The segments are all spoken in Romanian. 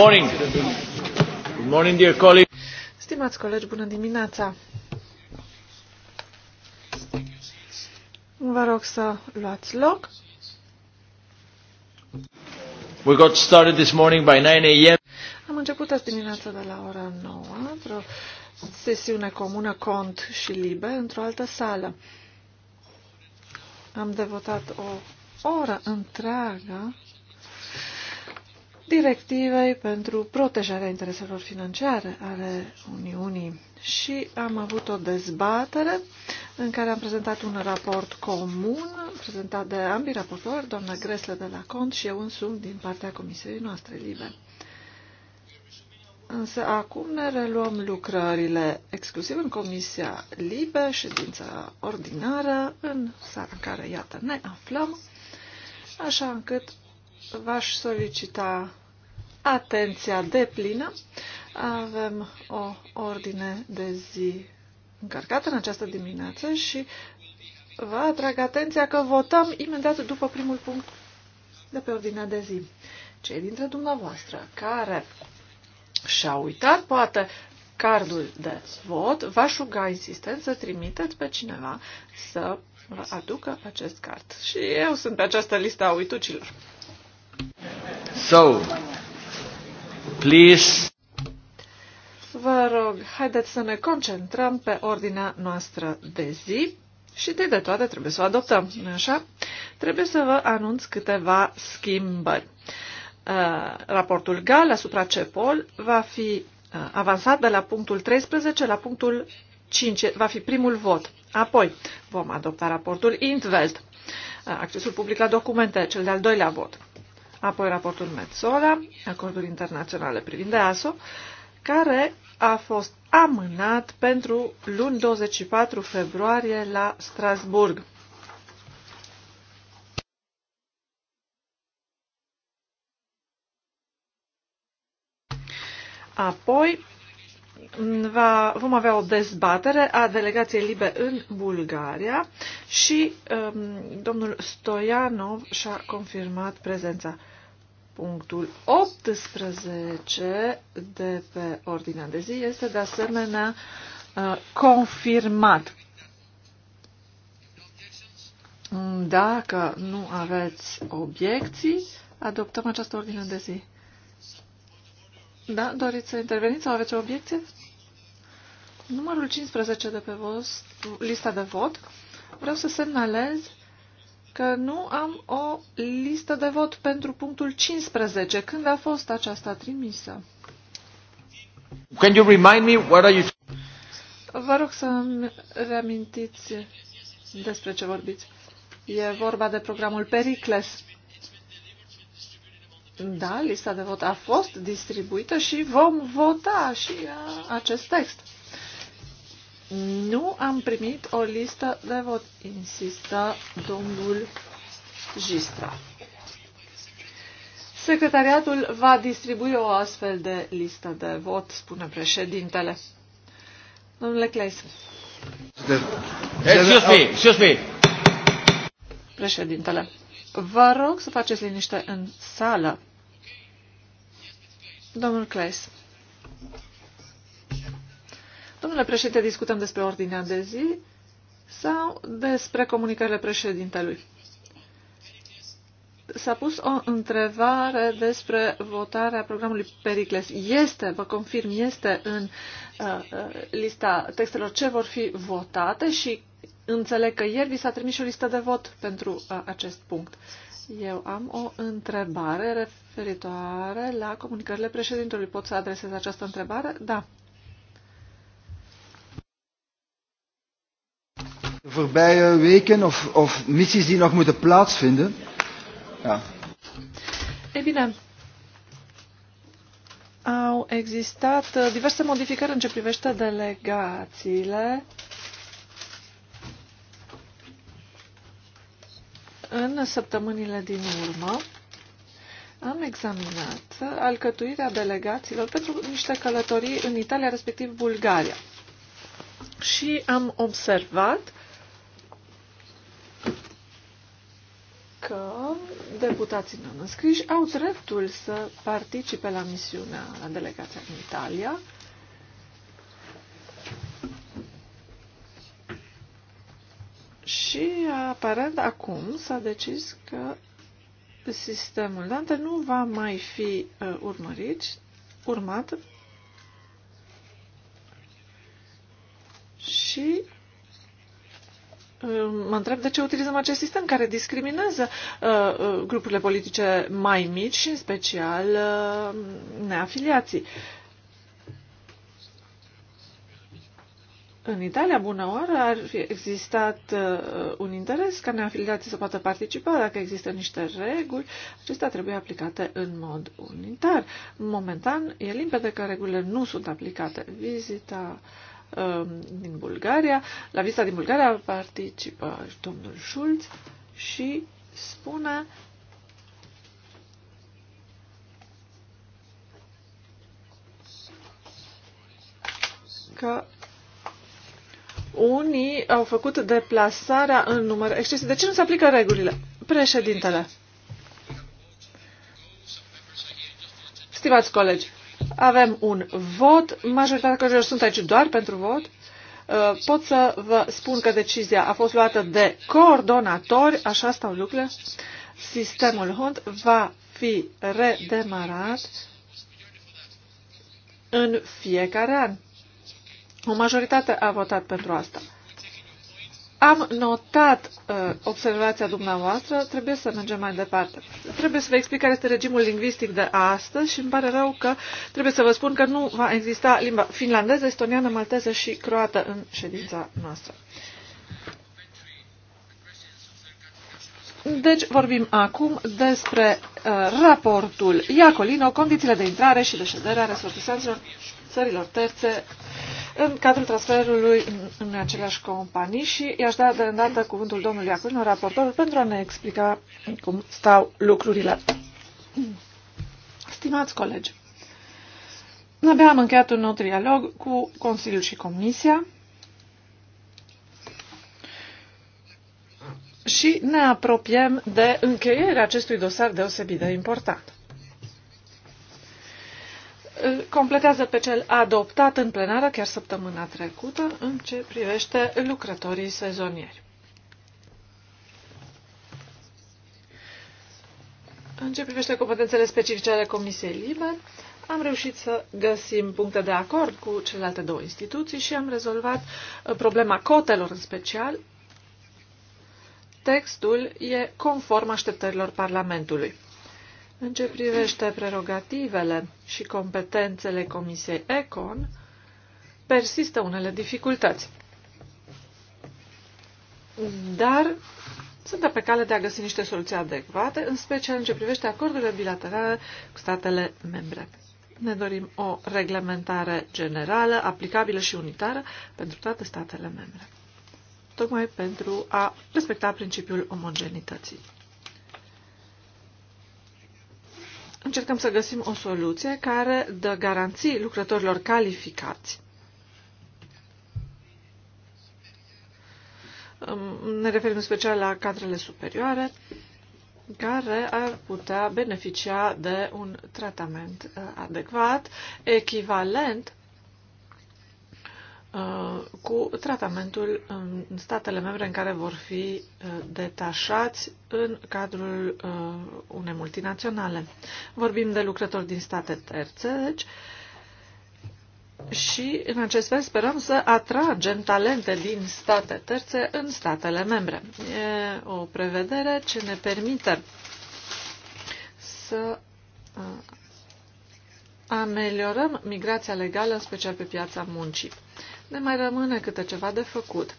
morning. Good morning, dear colleagues. Stimați colegi, bună dimineața. Vă rog să luați loc. We got started this morning by 9 a.m. Am început azi dimineața de la ora 9 într-o sesiune comună cont și liber, într-o altă sală. Am devotat o oră întreagă directivei pentru protejarea intereselor financiare ale Uniunii și am avut o dezbatere în care am prezentat un raport comun prezentat de ambii raportori, doamna Gresle de la Cont și eu însumi din partea Comisiei noastre libere. Însă acum ne reluăm lucrările exclusiv în Comisia Libe, ședința ordinară, în sala în care, iată, ne aflăm, așa încât v-aș solicita atenția deplină. Avem o ordine de zi încărcată în această dimineață și vă atrag atenția că votăm imediat după primul punct de pe ordinea de zi. Cei dintre dumneavoastră care și-au uitat, poate, cardul de vot, v-aș ruga insistent să trimiteți pe cineva să vă aducă acest card. Și eu sunt pe această listă a uitucilor. So, please. Vă rog, haideți să ne concentrăm pe ordinea noastră de zi și de, de toate trebuie să o adoptăm, nu așa? Trebuie să vă anunț câteva schimbări. Uh, raportul GAL asupra CEPOL va fi uh, avansat de la punctul 13 la punctul 5, va fi primul vot. Apoi vom adopta raportul Intveld, uh, accesul public la documente, cel de-al doilea vot. Apoi raportul Metzola, acordul internațional privind EASO, care a fost amânat pentru luni 24 februarie la Strasburg. Apoi va, vom avea o dezbatere a delegației libe în Bulgaria și um, domnul Stoianov și-a confirmat prezența. Punctul 18 de pe ordinea de zi este de asemenea uh, confirmat. Dacă nu aveți obiecții, adoptăm această ordine de zi. Da? Doriți să interveniți sau aveți o obiecție? Numărul 15 de pe vot, lista de vot. Vreau să semnalez că nu am o listă de vot pentru punctul 15. Când a fost aceasta trimisă? Can you remind me what are you... Vă rog să-mi reamintiți despre ce vorbiți. E vorba de programul Pericles. Da, lista de vot a fost distribuită și vom vota și uh, acest text. Nu am primit o listă de vot, insistă domnul Gistra. Secretariatul va distribui o astfel de listă de vot, spune președintele. Domnule Claes. Excuse me, Președintele, vă rog să faceți liniște în sală. Domnul Claes. Domnule președinte, discutăm despre ordinea de zi sau despre comunicările președintelui? S-a pus o întrebare despre votarea programului Pericles. Este, vă confirm, este în uh, uh, lista textelor ce vor fi votate și înțeleg că ieri vi s-a trimis și o listă de vot pentru uh, acest punct. Eu am o întrebare referitoare la comunicările președintelui. Pot să adresez această întrebare? Da. voorbije eh, weken of, of missies die nog moeten plaatsvinden. Ja. E bine, au existat eh, diverse modificări în ce privește delegațiile în săptămânile din urmă am examinat alcătuirea delegațiilor pentru niște călătorii în Italia, respectiv Bulgaria. Și am observat că deputații non-înscriși au dreptul să participe la misiunea, la delegația în Italia. Și aparent acum s-a decis că sistemul Dante nu va mai fi uh, urmărit, urmat și Mă întreb de ce utilizăm acest sistem care discriminează uh, uh, grupurile politice mai mici și în special uh, neafiliații. În Italia, bună oară, ar fi existat uh, un interes ca neafiliații să poată participa. Dacă există niște reguli, acestea trebuie aplicate în mod unitar. Momentan, e limpede că regulile nu sunt aplicate. Vizita uh, Um, din Bulgaria. La vizita din Bulgaria participă domnul Schulz și spune că unii au făcut deplasarea în număr excesiv. De ce nu se aplică regulile? Președintele. Stimați colegi, avem un vot, majoritatea căruia sunt aici doar pentru vot. Uh, pot să vă spun că decizia a fost luată de coordonatori, așa stau lucrurile. Sistemul HUNT va fi redemarat în fiecare an. O majoritate a votat pentru asta. Am notat uh, observația dumneavoastră, trebuie să mergem mai departe. Trebuie să vă explic care este regimul lingvistic de astăzi și îmi pare rău că trebuie să vă spun că nu va exista limba finlandeză, estoniană, malteză și croată în ședința noastră. Deci vorbim acum despre uh, raportul Iacolino, condițiile de intrare și de ședere a resortisanților țărilor terțe în cadrul transferului în, în aceleași companii și i-aș da de îndată cuvântul domnului Acună, raportorul, pentru a ne explica cum stau lucrurile. Stimați colegi, abia am încheiat un nou trialog cu Consiliul și Comisia și ne apropiem de încheierea acestui dosar deosebit de important completează pe cel adoptat în plenară chiar săptămâna trecută în ce privește lucrătorii sezonieri. În ce privește competențele specifice ale Comisiei Liber, am reușit să găsim puncte de acord cu celelalte două instituții și am rezolvat uh, problema cotelor în special. Textul e conform așteptărilor Parlamentului. În ce privește prerogativele și competențele Comisiei ECON, persistă unele dificultăți. Dar sunt pe cale de a găsi niște soluții adecvate, în special în ce privește acordurile bilaterale cu statele membre. Ne dorim o reglementare generală, aplicabilă și unitară pentru toate statele membre, tocmai pentru a respecta principiul omogenității. încercăm să găsim o soluție care dă garanții lucrătorilor calificați. Ne referim în special la cadrele superioare, care ar putea beneficia de un tratament eh, adecvat, echivalent Uh, cu tratamentul în statele membre în care vor fi uh, detașați în cadrul uh, unei multinaționale. Vorbim de lucrători din state terțe, deci, și în acest fel sperăm să atragem talente din state terțe în statele membre. E o prevedere ce ne permite să ameliorăm migrația legală, în special pe piața muncii ne mai rămâne câte ceva de făcut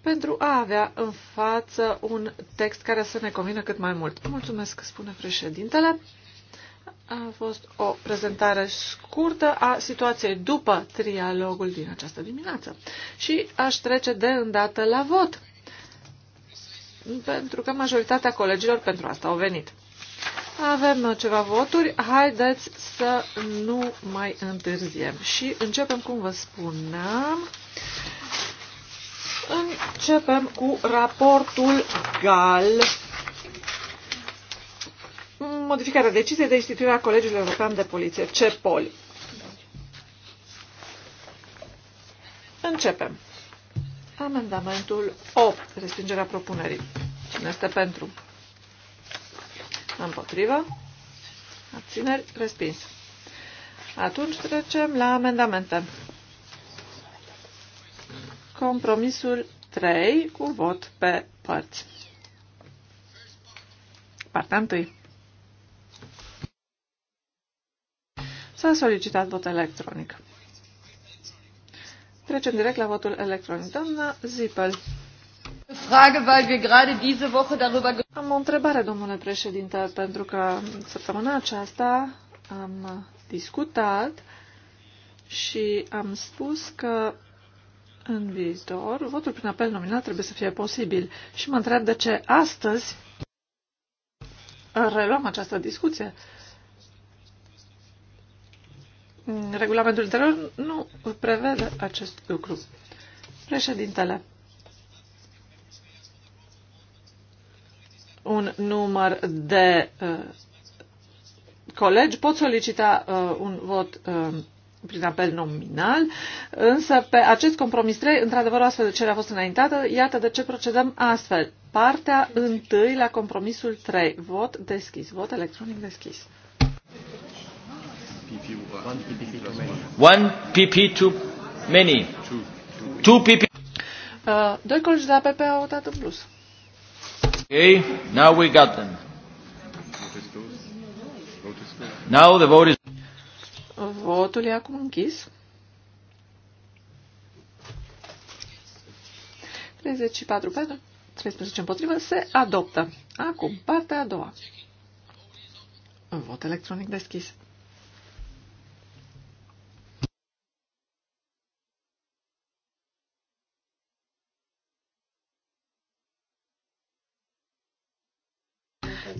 pentru a avea în față un text care să ne convină cât mai mult. Mulțumesc, spune președintele. A fost o prezentare scurtă a situației după trialogul din această dimineață. Și aș trece de îndată la vot, pentru că majoritatea colegilor pentru asta au venit. Avem ceva voturi. Haideți să nu mai întârziem. Și începem, cum vă spuneam, începem cu raportul GAL. Modificarea deciziei de instituire a Colegiului European de Poliție, CEPOL. Începem. Amendamentul 8. Respingerea propunerii. Cine este pentru? Împotrivă. Abțineri. Respins. Atunci trecem la amendamente. Compromisul 3 cu vot pe părți. Partea 1. S-a solicitat vot electronic. Trecem direct la votul electronic. Doamna Zipel. Frage, weil wir gerade diese Woche darüber Am o întrebare, domnule președinte, pentru că săptămâna aceasta am discutat și am spus că în viitor votul prin apel nominal trebuie să fie posibil. Și mă întreb de ce astăzi reluăm această discuție. Regulamentul interior nu prevede acest lucru. Președintele, un număr de uh, colegi pot solicita uh, un vot uh, prin apel nominal, însă pe acest compromis 3, într-adevăr, astfel de cerere a fost înaintată. Iată de ce procedăm astfel. Partea întâi la compromisul 3. Vot deschis. Vot electronic deschis. One PP too many. Two PP. doi colegi de la PP au votat în plus. Okay, now we got them. Now the vote is... Votul e acum închis. 34 pentru, 13 împotrivă, se adoptă. Acum, partea a doua. Vot electronic deschis.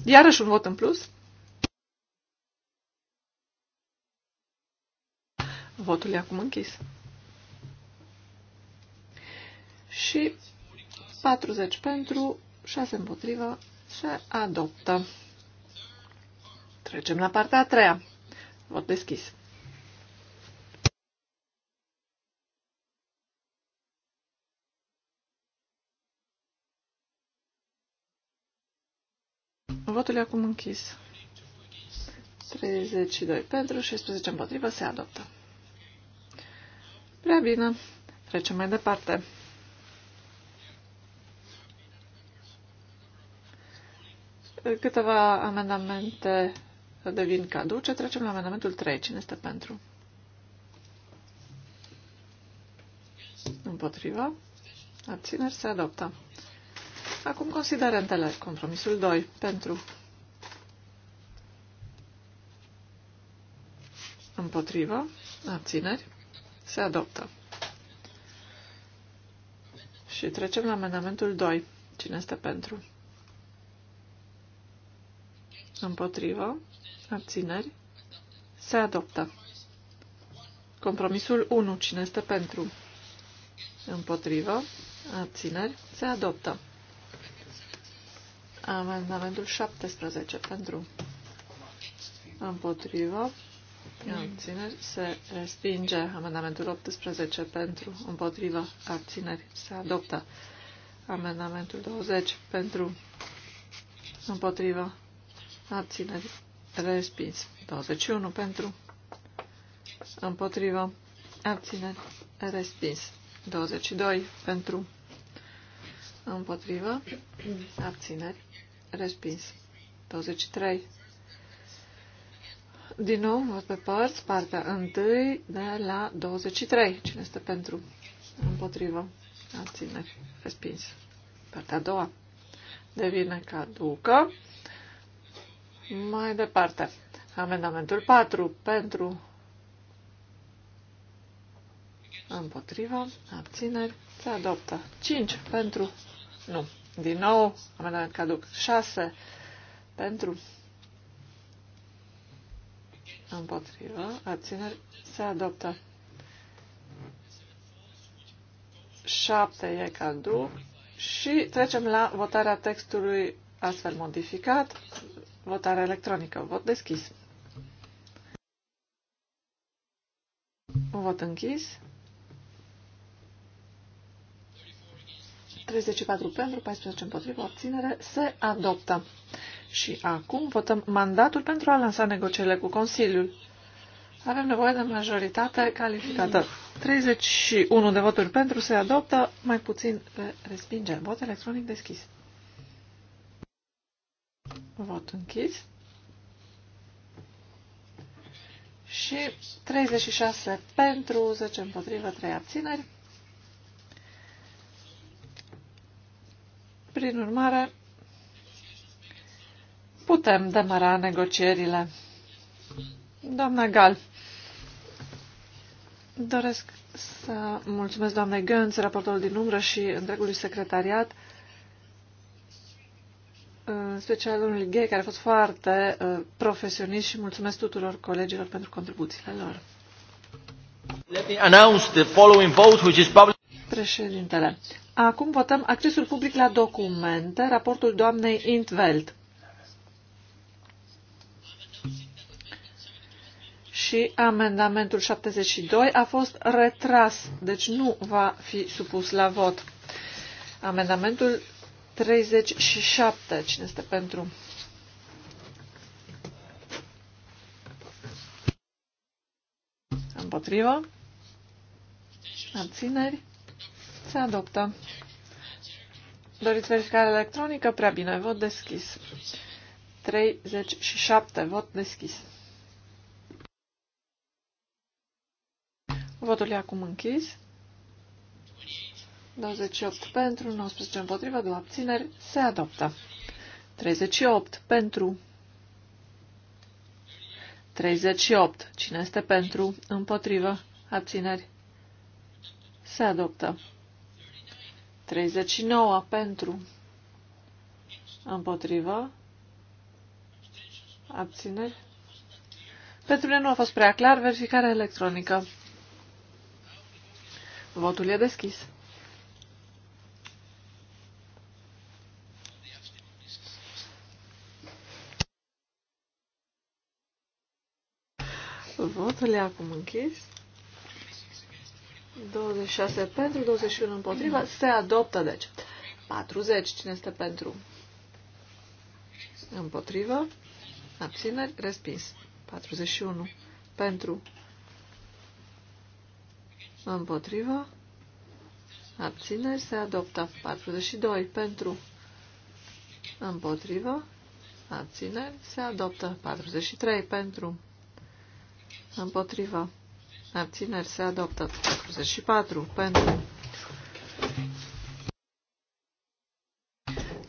Iarăși un vot în plus. Votul e acum închis. Și 40 pentru, 6 împotrivă, se adoptă. Trecem la partea a treia. Vot deschis. Votul e acum închis. 32 pentru, 16 împotrivă, se adoptă. Prea bine. Trecem mai departe. Câteva amendamente devin caduce. Trecem la amendamentul 3. Cine este pentru? Împotriva. Abțineri se adoptă. Acum considerentele. Compromisul 2. Pentru. Împotrivă. Abțineri. Se adoptă. Și trecem la amendamentul 2. Cine este pentru? Împotrivă. Abțineri. Se adoptă. Compromisul 1. Cine este pentru? Împotrivă. Abțineri. Se adoptă. Amendamentul 17. Pentru. Împotrivă. Abțineri. Se respinge amendamentul 18 pentru, împotriva, abțineri. Se adoptă amendamentul 20 pentru, împotriva, abțineri. Respins. 21 pentru, împotriva, abțineri. Respins. 22 pentru, împotriva, abțineri. Respins. 23 din nou, vot pe părți, partea 1 de la 23. Cine este pentru? Împotrivă. Abțineri. Respins. Partea a doua devine caducă. Mai departe. Amendamentul 4 pentru Împotrivă. abțineri, se adoptă. 5 pentru, nu, din nou, amendament caduc. 6 pentru împotrivă, abțineri, se adoptă. 7 e caduc și trecem la votarea textului astfel modificat, Votarea electronică, vot deschis. vot închis. 34 pentru, 14 împotrivă, obținere, se adoptă. Și acum votăm mandatul pentru a lansa negocierile cu Consiliul. Avem nevoie de majoritate calificată. 31 de voturi pentru se adoptă, mai puțin pe respinge. Vot electronic deschis. Vot închis. Și 36 pentru, 10 împotrivă, 3 abțineri. Prin urmare, putem demara negocierile. Doamna Gal, doresc să mulțumesc doamnei Gönț, raportorul din umbră și întregului secretariat, în special unui gay care a fost foarte uh, profesionist și mulțumesc tuturor colegilor pentru contribuțiile lor. Let me announce the following vote, which is public. Președintele, acum votăm accesul public la documente, raportul doamnei Intveld. și amendamentul 72 a fost retras, deci nu va fi supus la vot. Amendamentul 37, cine este pentru? Împotrivă? Abțineri? Se adoptă. Doriți verificare electronică? Prea bine. Vot deschis. 37. Vot deschis. Votul e acum închis. 28 pentru, 19 împotriva, 2 abțineri. Se adoptă. 38 pentru. 38. Cine este pentru? Împotrivă. Abțineri. Se adoptă. 39 pentru. Împotrivă. Abțineri. Pentru mine nu a fost prea clar. verificarea electronică. Votul e deschis. Votul e acum închis. 26 pentru, 21 împotriva. Se adoptă, deci. 40. Cine este pentru? Împotrivă. Abțineri. Respins. 41. Pentru. Împotrivă. Abțineri se adoptă. 42 pentru. Împotrivă. Abțineri se adoptă. 43 pentru. Împotrivă. Abțineri se adoptă. 44 pentru.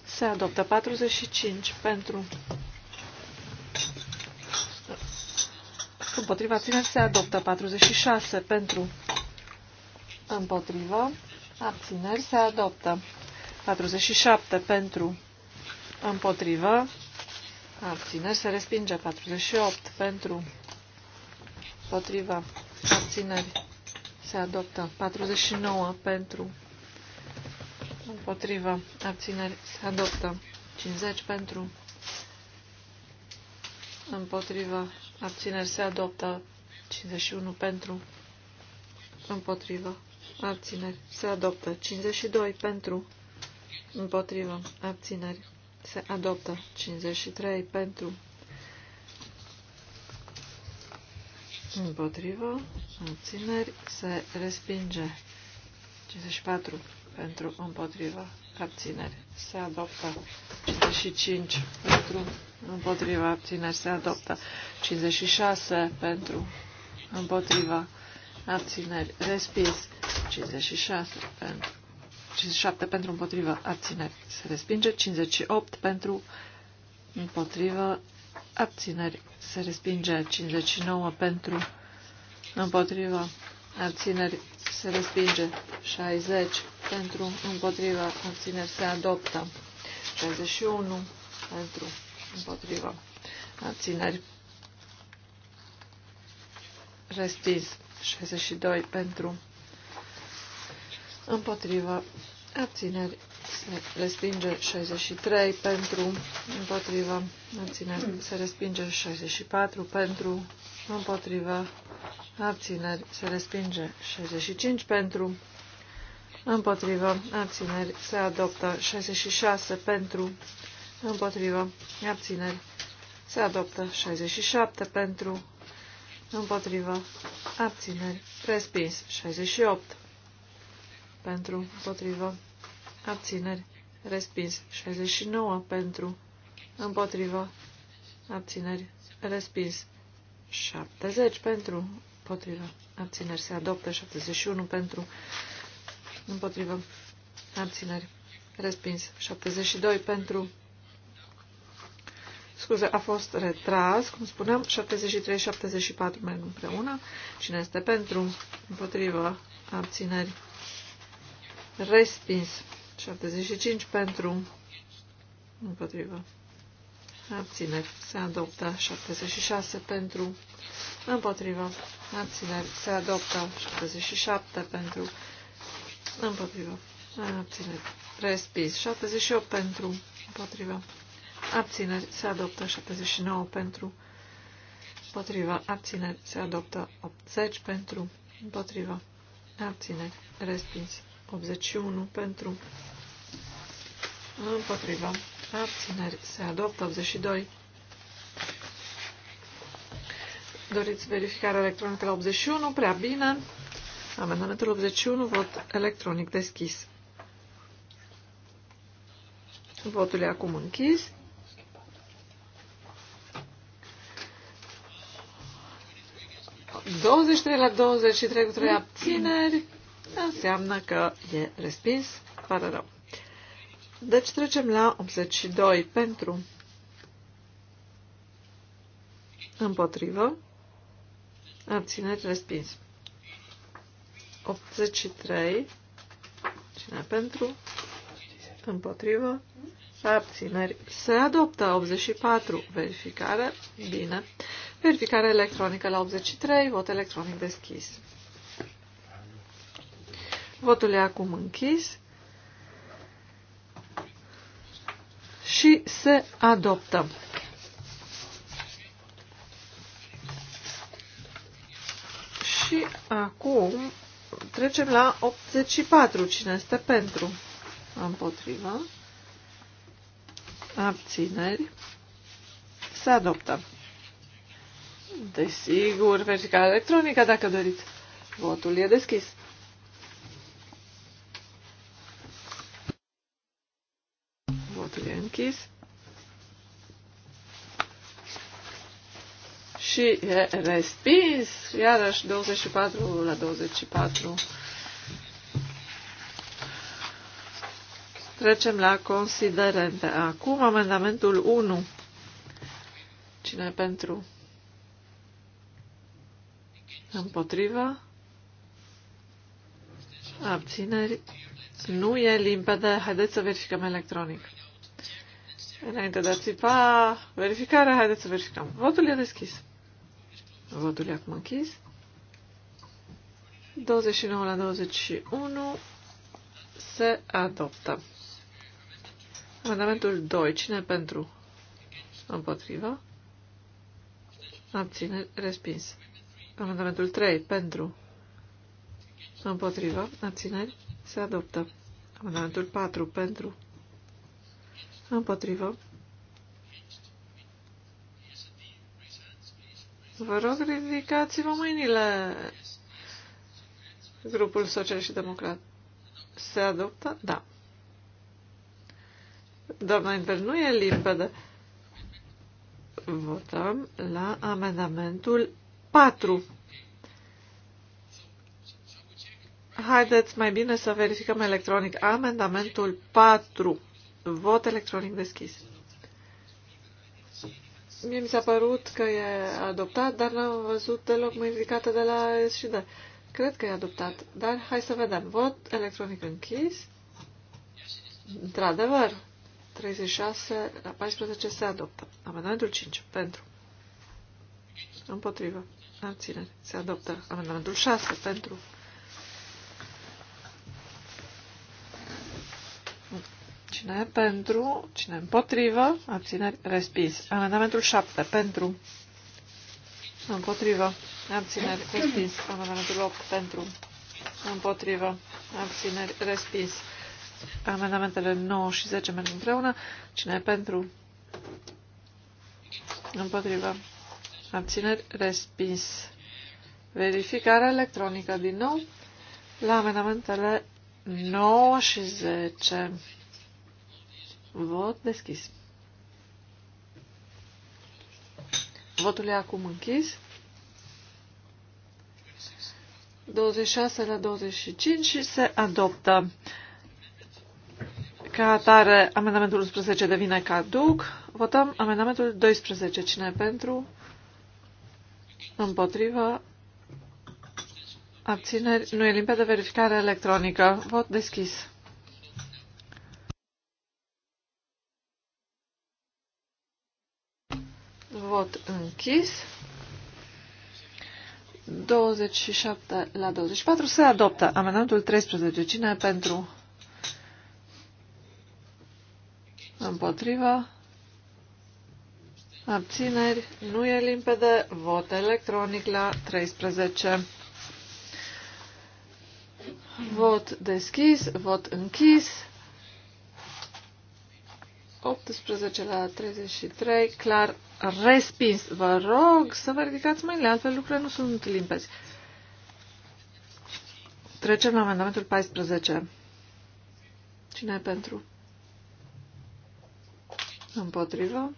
Se adoptă 45 pentru. Împotriva țineri se adoptă 46 pentru. Împotrivă. Abțineri se adoptă. 47 pentru. Împotrivă. Abțineri se respinge. 48 pentru. Împotrivă. Abțineri se adoptă. 49 pentru. Împotrivă. Abțineri se adoptă. 50 pentru. Împotrivă. Abțineri se adoptă. 51 pentru. Împotrivă abțineri, se adoptă. 52 pentru, împotrivă, abțineri, se adoptă. 53 pentru, împotrivă, abțineri, se respinge. 54 pentru, împotrivă, abțineri, se adoptă. 55 pentru, Împotrivă. abțineri se adoptă. 56 pentru Împotrivă abțineri, respins. 56 pentru, 57 pentru împotrivă, abțineri, se respinge. 58 pentru împotrivă, abțineri, se respinge. 59 pentru împotrivă, abțineri, se respinge. 60 pentru împotrivă. abțineri, se adoptă. 61 pentru împotrivă. abțineri, respins. 62 pentru împotriva abțineri se respinge 63 pentru împotriva abțineri se respinge 64 pentru împotriva abțineri se respinge 65 pentru împotriva abțineri se adoptă 66 pentru împotriva abțineri se adoptă 67 pentru Împotrivă. Abțineri. Respins. 68. Pentru. Împotrivă. Abțineri. Respins. 69. Pentru. Împotrivă. Abțineri. Respins. 70. Pentru. Împotrivă. Abțineri. Se adoptă. 71. Pentru. Împotrivă. Abțineri. Respins. 72. Pentru scuze, a fost retras, cum spuneam, 73-74 merg împreună. Cine este pentru? Împotrivă. Abțineri. Respins. 75 pentru. Împotrivă. Abțineri. Se adoptă. 76 pentru. Împotrivă. Abțineri. Se adoptă. 77 pentru. Împotrivă. Abțineri. Respins. 78 pentru. Împotrivă abțineri se adoptă 79 pentru, împotriva, abțineri se adoptă 80 pentru, împotriva, abțineri, respins 81 pentru, împotriva, abțineri se adoptă 82. Doriți verificarea electronică la 81? Prea bine. Amendamentul 81, vot electronic deschis. Votul e acum închis. 23 la 23 cu 3 abțineri înseamnă că e respins. fără rău. Deci trecem la 82 pentru împotrivă abțineri respins. 83 cine pentru împotrivă abțineri se adoptă 84 verificare bine Verificare electronică la 83, vot electronic deschis. Votul e acum închis și se adoptă. Și acum trecem la 84. Cine este pentru? Împotriva. Abțineri. Se adoptă. Desigur, verificarea electronică, dacă doriți. Votul e deschis. Votul e închis. Și e respins. Iarăși 24 la 24. Trecem la considerente. Acum amendamentul 1. Cine pentru? Împotrivă. Abțineri. Nu e limpede. Haideți să verificăm electronic. Înainte de a țipa, verificarea, haideți să verificăm. Votul e deschis. Votul e acum închis. 29 la 21 se adoptă. Amendamentul 2. Cine pentru? Împotriva? Abține. Respins. Amendamentul 3. Pentru. Împotrivă. Abțineri. Se adoptă. Amendamentul 4. Pentru. Împotrivă. Vă rog, ridicați-vă mâinile. Grupul Social și Democrat. Se adoptă? Da. Doamna Inver, nu e limpede. Votăm la amendamentul 4. Haideți mai bine să verificăm electronic amendamentul 4. Vot electronic deschis. Mie mi s-a părut că e adoptat, dar n-am văzut deloc mai ridicată de la S și D. Cred că e adoptat, dar hai să vedem. Vot electronic închis. Într-adevăr, 36 la 14 se adoptă. Amendamentul 5. Pentru. Împotrivă abțineri se adoptă. Amendamentul 6 pentru Cine e pentru, cine e împotrivă, abțineri respins. Amendamentul 7 pentru, împotrivă, abțineri respins. Amendamentul 8 pentru, împotrivă, abțineri respins. Amendamentele 9 și 10 merg împreună. Cine e pentru? Împotrivă abțineri, respins. Verificare electronică din nou la amendamentele 9 și 10. Vot deschis. Votul e acum închis. 26 la 25 și se adoptă. Ca atare, amendamentul 11 devine caduc. Votăm amendamentul 12. Cine pentru? Împotrivă. Abțineri. Nu e limpede verificare electronică. Vot deschis. Vot închis. 27 la 24 se adoptă amendamentul 13. Cine pentru? Împotriva? Abțineri. Nu e limpede. Vot electronic la 13. Vot deschis, vot închis. 18 la 33, clar respins. Vă rog să vă ridicați mâinile, altfel lucrurile nu sunt limpezi. Trecem la amendamentul 14. Cine e pentru? Împotrivă.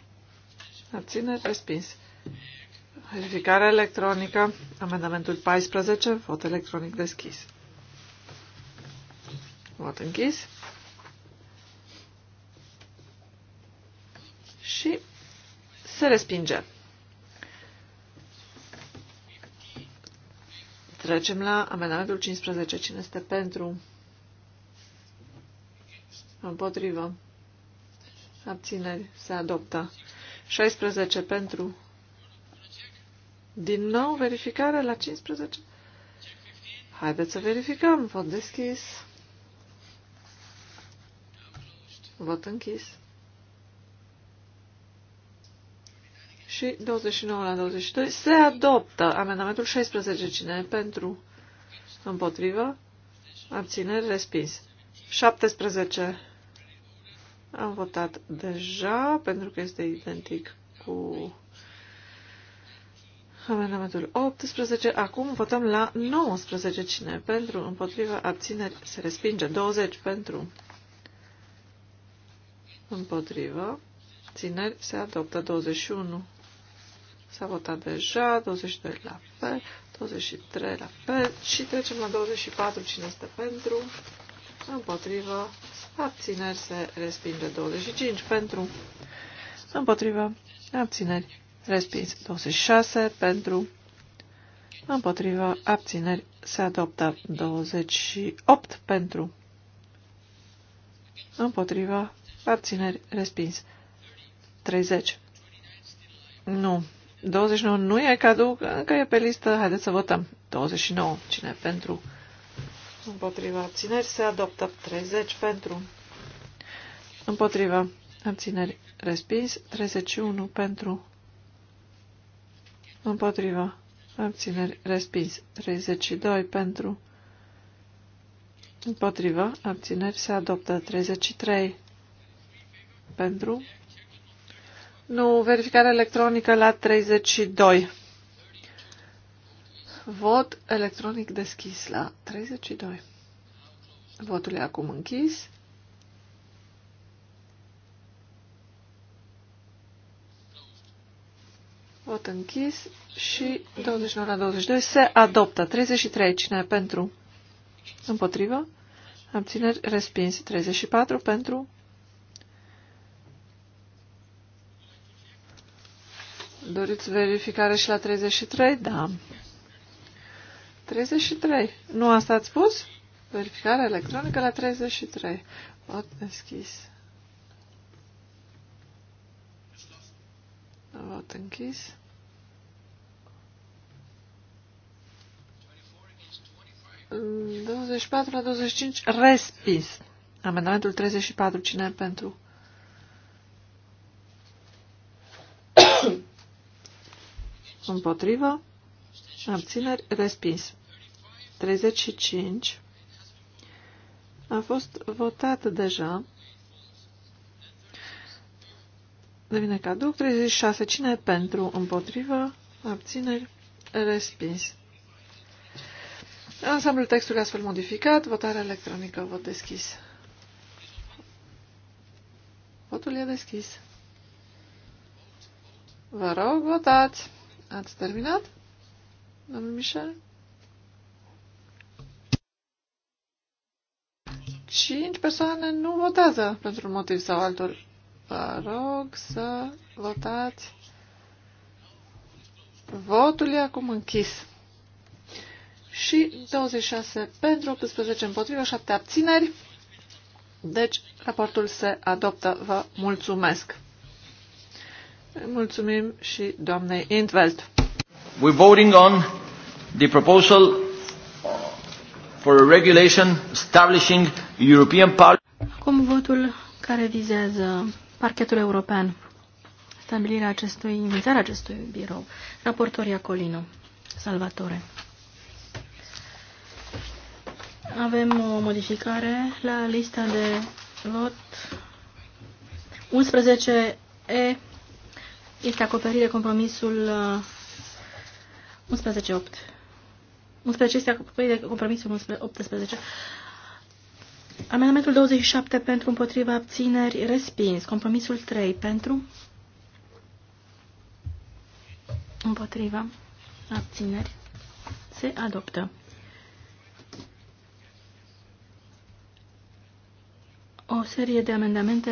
Abțineri. Respins. Verificare electronică. Amendamentul 14. Vot electronic deschis. Vot închis. Și se respinge. Trecem la amendamentul 15. Cine este pentru? Împotrivă. Abțineri. Se adoptă. 16 pentru. Din nou verificare la 15? Haideți să verificăm. Vot deschis. Vot închis. Și 29 la 22. Se adoptă amendamentul 16. Cine pentru? Împotrivă? Abțineri? Respins. 17 am votat deja pentru că este identic cu amendamentul 18. Acum votăm la 19. Cine pentru, împotriva, abțineri, se respinge. 20 pentru, împotriva, țineri, se adoptă. 21 s-a votat deja, 22 la fel, 23 la fel și trecem la 24. Cine este pentru, împotriva, abțineri se respinge 25 pentru, împotriva, abțineri respins 26 pentru, împotriva, abțineri se adoptă 28 pentru, împotriva, abțineri respins 30. Nu. 29 nu e caduc, încă e pe listă. Haideți să votăm. 29. Cine pentru? Împotriva abțineri se adoptă 30 pentru. Împotriva abțineri respins 31 pentru. Împotriva abțineri respins 32 pentru. Împotriva abțineri se adoptă 33 pentru. Nu, verificare electronică la 32. Vot electronic deschis la 32. Votul e acum închis. Vot închis și 29 la 22 se adoptă. 33. Cine pentru? Împotrivă. Abțineri respins. 34 pentru. Doriți verificare și la 33? Da. 33. Nu asta ați spus? Verificare electronică la 33. Pot deschis. Vot închis. 24 la 25, respins. Amendamentul 34, cine pentru? Împotrivă, abțineri, respins. 35 a fost votat deja. Devine caduc. 36. Cine pentru? Împotrivă? Abțineri? Respins. Ansamblul textului astfel modificat. Votare electronică. Vot deschis. Votul e deschis. Vă rog, votați. Ați terminat? Domnul Michel? cinci persoane nu votează pentru un motiv sau altul. Vă rog să votați. Votul e acum închis. Și 26 pentru, 18 împotriva, 7 abțineri. Deci, raportul se adoptă. Vă mulțumesc. Mulțumim și doamnei Intveld. We're voting on the proposal for a regulation establishing European Acum votul care vizează parchetul european, stabilirea acestui, inventarea acestui birou. Raportoria Colino, Salvatore. Avem o modificare la lista de lot 11E este acoperire compromisul 11.8. Uh, 11 este acoperit de compromisul 18. Amendamentul 27 pentru împotriva abțineri respins. Compromisul 3 pentru împotriva abțineri se adoptă. O serie de amendamente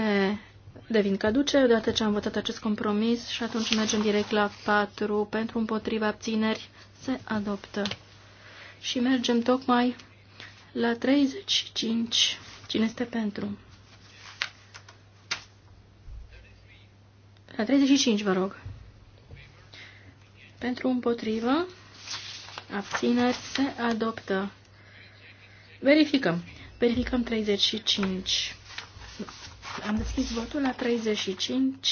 devin caduce odată ce am votat acest compromis și atunci mergem direct la 4 pentru împotriva abțineri se adoptă și mergem tocmai la 35. Cine este pentru? La 35, vă rog. Pentru împotrivă, abțineri se adoptă. Verificăm. Verificăm 35. Am deschis votul la 35.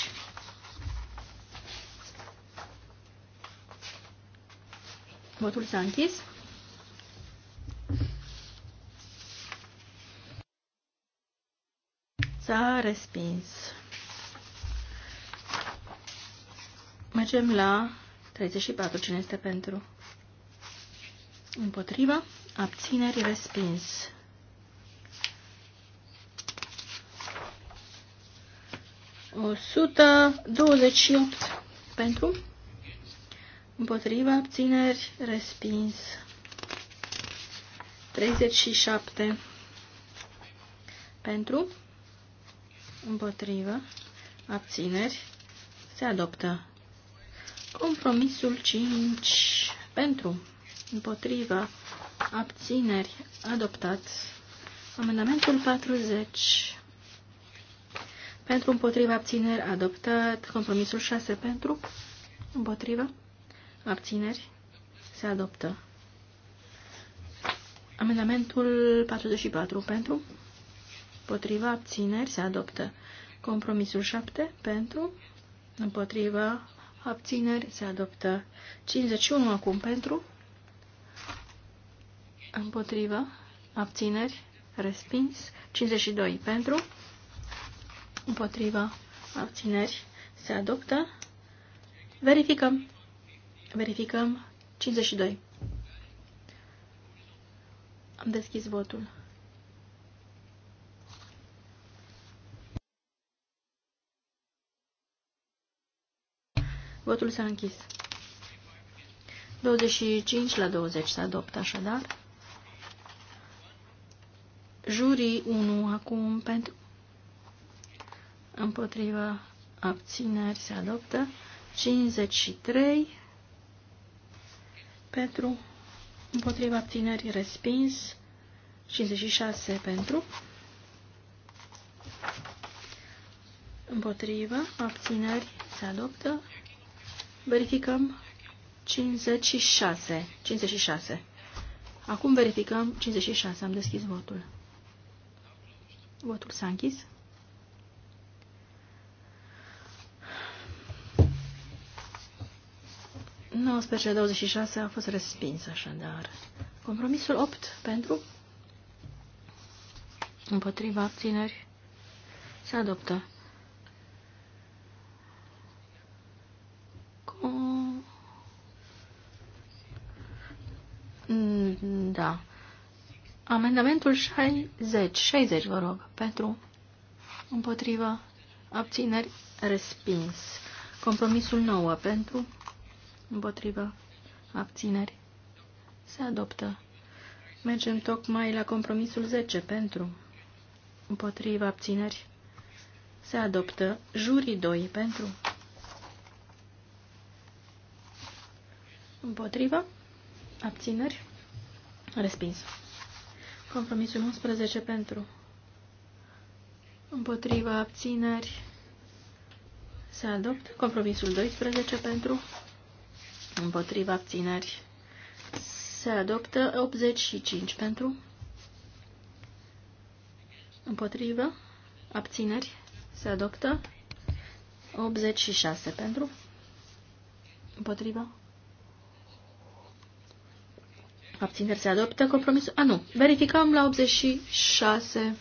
Votul s-a închis. S-a respins. Mergem la 34. Cine este pentru? Împotriva. Abțineri respins. O 128 pentru, împotriva abțineri, respins. 37 pentru, împotrivă, abțineri, se adoptă. Compromisul 5 pentru, împotrivă, abțineri, adoptat. Amendamentul 40 pentru, împotrivă, abțineri, adoptat. Compromisul 6 pentru, împotrivă, abțineri, se adoptă. Amendamentul 44 pentru, împotriva abțineri se adoptă. Compromisul 7 pentru, împotriva abțineri se adoptă. 51 acum pentru, împotriva abțineri respins. 52 pentru, împotriva abțineri se adoptă. Verificăm. Verificăm 52. Am deschis votul. Votul s-a închis. 25 la 20 se adoptă așadar. Jurii 1 acum pentru împotriva abțineri se adoptă. 53 pentru împotriva abțineri respins. 56 pentru împotriva abțineri se adoptă. Verificăm 56. 56. Acum verificăm 56. Am deschis votul. Votul s-a închis. 26 a fost respins așadar. Compromisul 8 pentru împotriva abțineri se adoptă. Amendamentul 60, 60 vă rog, pentru, împotriva, abțineri, respins. Compromisul 9, pentru, împotriva, abțineri, se adoptă. Mergem tocmai la compromisul 10, pentru, împotriva, abțineri, se adoptă. Jurii 2, pentru, împotriva, abțineri, respins. Compromisul 11 pentru. Împotriva abțineri se adoptă. Compromisul 12 pentru. Împotriva abțineri se adoptă. 85 pentru. Împotriva abțineri se adoptă. 86 pentru. Împotriva Abțineri se adoptă. Compromisul... A, nu. Verificăm la 86.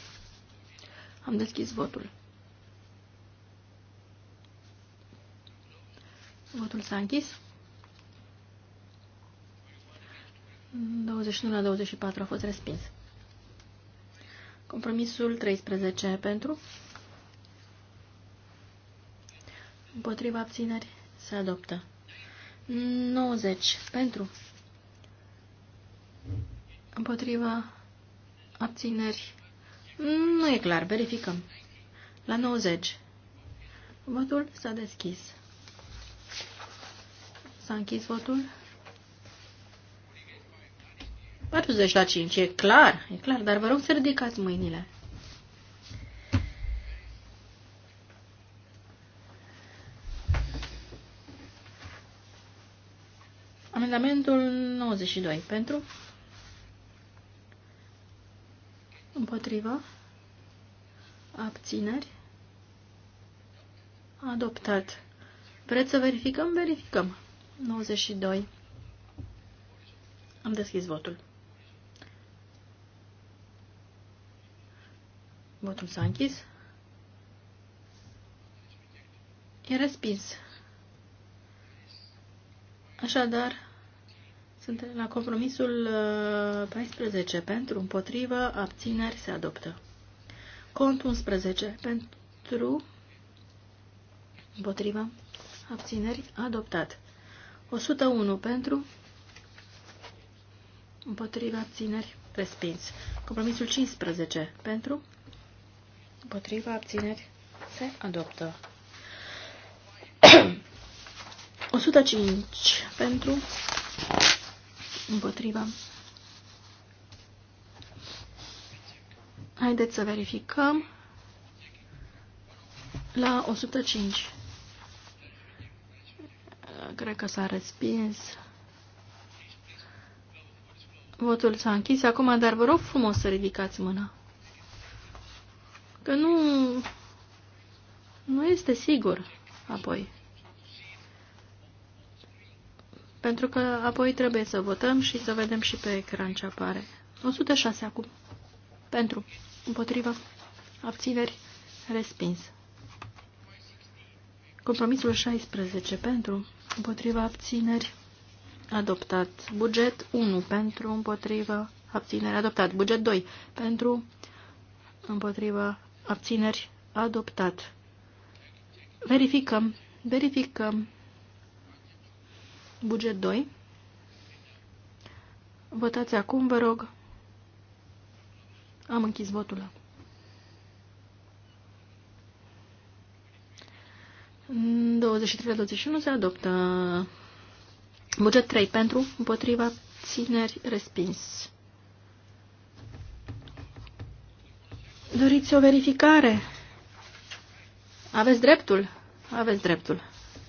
Am deschis votul. Votul s-a închis. 21 la 24 a fost respins. Compromisul 13 pentru. Împotriva abțineri se adoptă. 90 pentru. Împotriva abțineri. Nu e clar, verificăm. La 90. Votul s-a deschis. S-a închis votul. 40 la 5, e clar, e clar, dar vă rog să ridicați mâinile. Amendamentul 92 pentru împotriva, Abțineri. Adoptat. Vreți să verificăm? Verificăm. 92. Am deschis votul. Votul s-a închis. E respins. Așadar, suntem la compromisul 14. Uh, pentru, împotrivă, abțineri se adoptă. Cont 11. Pentru, împotrivă, abțineri adoptat. 101. Pentru, împotrivă, abțineri respins. Compromisul 15. Pentru, împotrivă, abțineri se adoptă. 105 pentru Împotriva. Haideți să verificăm la 105. Cred că s-a respins. Votul s-a închis acum, dar vă rog frumos să ridicați mâna. Că nu... nu este sigur apoi. pentru că apoi trebuie să votăm și să vedem și pe ecran ce apare. 106 acum. Pentru. Împotriva. Abțineri. Respins. Compromisul 16 pentru, împotriva abțineri, adoptat. Buget 1 pentru, împotriva abțineri, adoptat. Buget 2 pentru, împotriva abțineri, adoptat. Verificăm, verificăm Buget 2. Votați acum, vă rog. Am închis votul. În 23 21 se adoptă buget 3 pentru, împotriva, țineri, respins. Doriți o verificare? Aveți dreptul? Aveți dreptul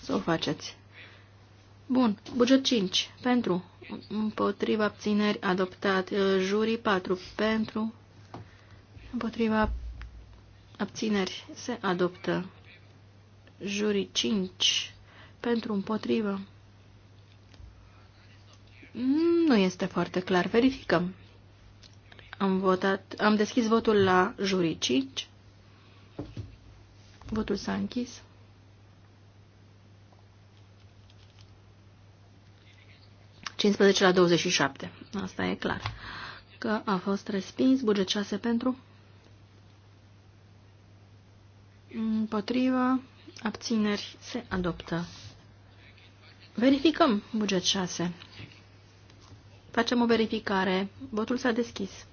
să o faceți. Bun. Buget 5. Pentru. Împotriva abțineri adoptat. Uh, jurii 4. Pentru. Împotriva abțineri se adoptă. Jurii 5. Pentru Împotriva. Nu este foarte clar. Verificăm. Am, votat, am deschis votul la jurii 5. Votul s-a închis. 15 la 27. Asta e clar. Că a fost respins. Buget 6 pentru. Împotrivă. Abțineri. Se adoptă. Verificăm buget 6. Facem o verificare. Votul s-a deschis.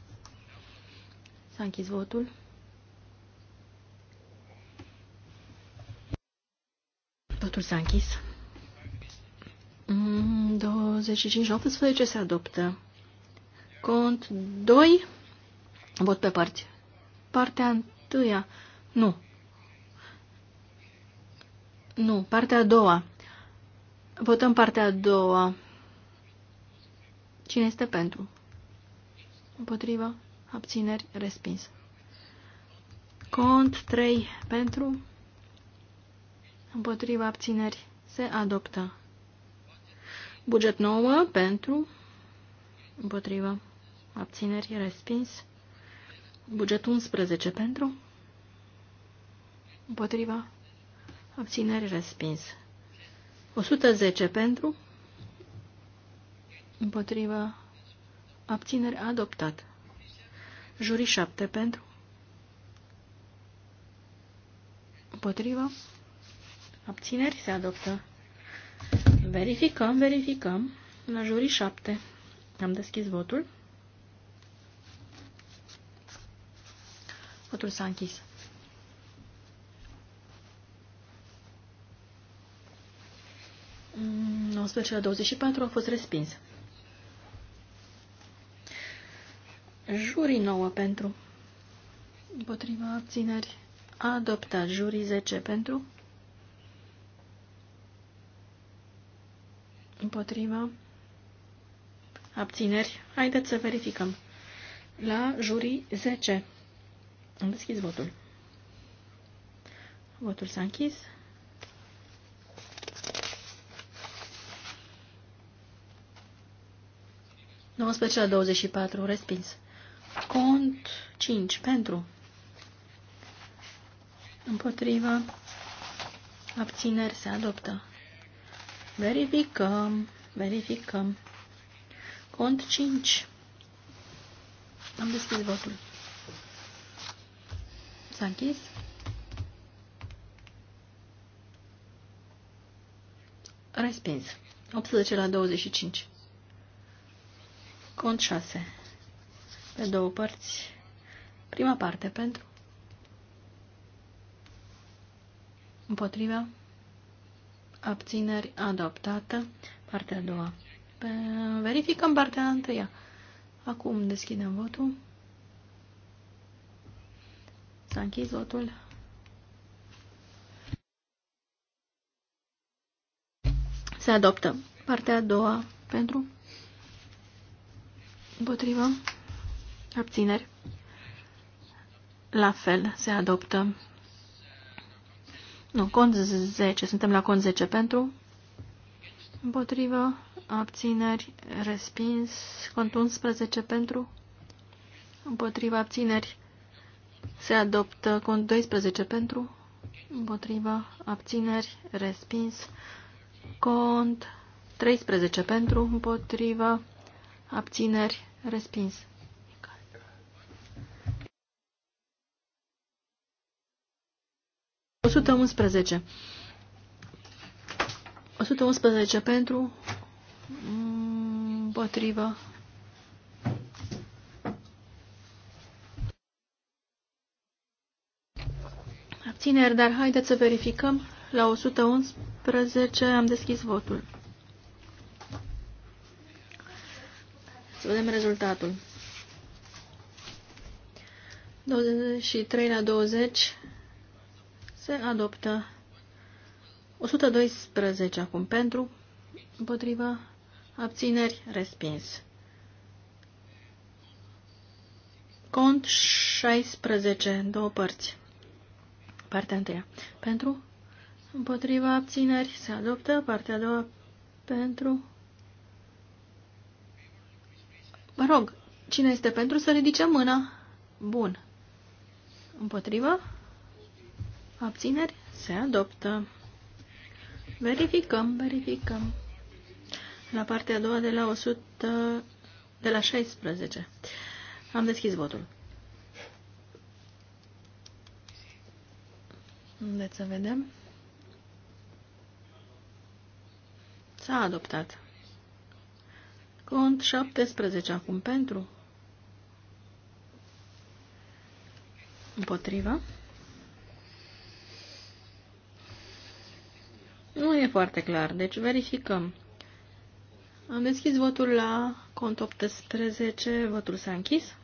S-a închis votul. Votul s-a închis. 25 la 18 se adoptă. Cont 2. Vot pe parți. Partea întâia. Nu. Nu. Partea a doua. Votăm partea a doua. Cine este pentru? Împotriva. Abțineri. Respins. Cont 3. Pentru. Împotriva abțineri. Se adoptă. Buget 9 pentru, împotrivă, abțineri, respins. Buget 11 pentru, Împotrivă. abțineri, respins. 110 pentru, Împotrivă. abțineri, adoptat. Juri 7 pentru, Împotrivă. abțineri, se adoptă. Verificăm, verificăm. La jurii 7. Am deschis votul. Votul s-a închis. Mm, 19 la 24 a fost respins. Jurii 9 pentru. Împotriva abțineri. Adoptat. Jurii 10 pentru. Împotrivă. Abțineri. Haideți să verificăm. La jurii 10. Am deschis votul. Votul s-a închis. la 24, respins. Cont 5, pentru. Împotriva, Abțineri se adoptă. Verificăm, verificăm. Cont 5. Am deschis votul. S-a închis. Respins. 18 la 25. Cont 6. Pe două părți. Prima parte pentru. Împotriva abțineri, adoptată. Partea a doua. Verificăm partea a întâia. Acum deschidem votul. S-a închis votul. Se adoptă. Partea a doua pentru împotrivă abțineri. La fel se adoptă nu, cont 10. Suntem la cont 10 pentru. Împotrivă. Abțineri. Respins. Cont 11 pentru. Împotrivă. Abțineri. Se adoptă cont 12 pentru. Împotrivă. Abțineri. Respins. Cont 13 pentru. Împotrivă. Abțineri. Respins. 111. 111 pentru, împotriva. Abțineri, dar haideți să verificăm. La 111 am deschis votul. Să vedem rezultatul. 23 la 20 se adoptă 112 acum pentru, împotriva, abțineri, respins. Cont 16, două părți. Partea întâia. Pentru, împotriva, abțineri, se adoptă. Partea a doua, pentru. Mă rog, cine este pentru să ridice mâna? Bun. Împotriva Abțineri? Se adoptă. Verificăm, verificăm. La partea a doua de la 100, de la 16. Am deschis votul. Deci să vedem. S-a adoptat. Cont 17 acum pentru. Împotriva. Nu e foarte clar, deci verificăm. Am deschis votul la cont 18, votul s-a închis.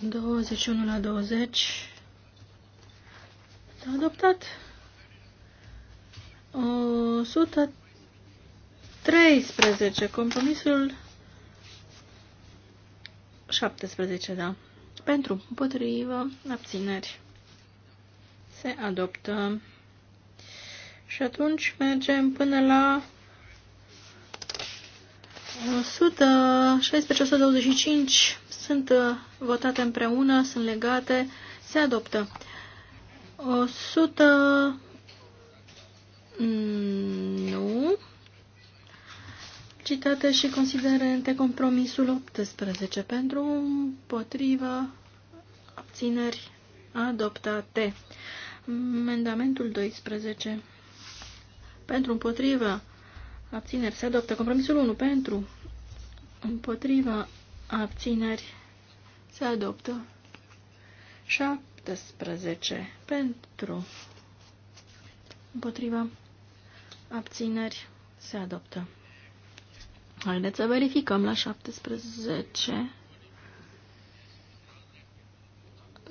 Douăzeci unu la douăzeci. S-a adoptat. O sută treisprezece. Compromisul șaptesprezece, da. Pentru, împotrivă, abțineri. Se adoptă. Și atunci mergem până la 116-125 sunt uh, votate împreună, sunt legate, se adoptă. 100 mm, nu citate și considerente compromisul 18 pentru împotriva abțineri adoptate. Amendamentul 12 pentru împotriva abțineri se adoptă. Compromisul 1 pentru împotriva abțineri se adoptă. 17 pentru împotriva abțineri se adoptă. Haideți să verificăm la 17.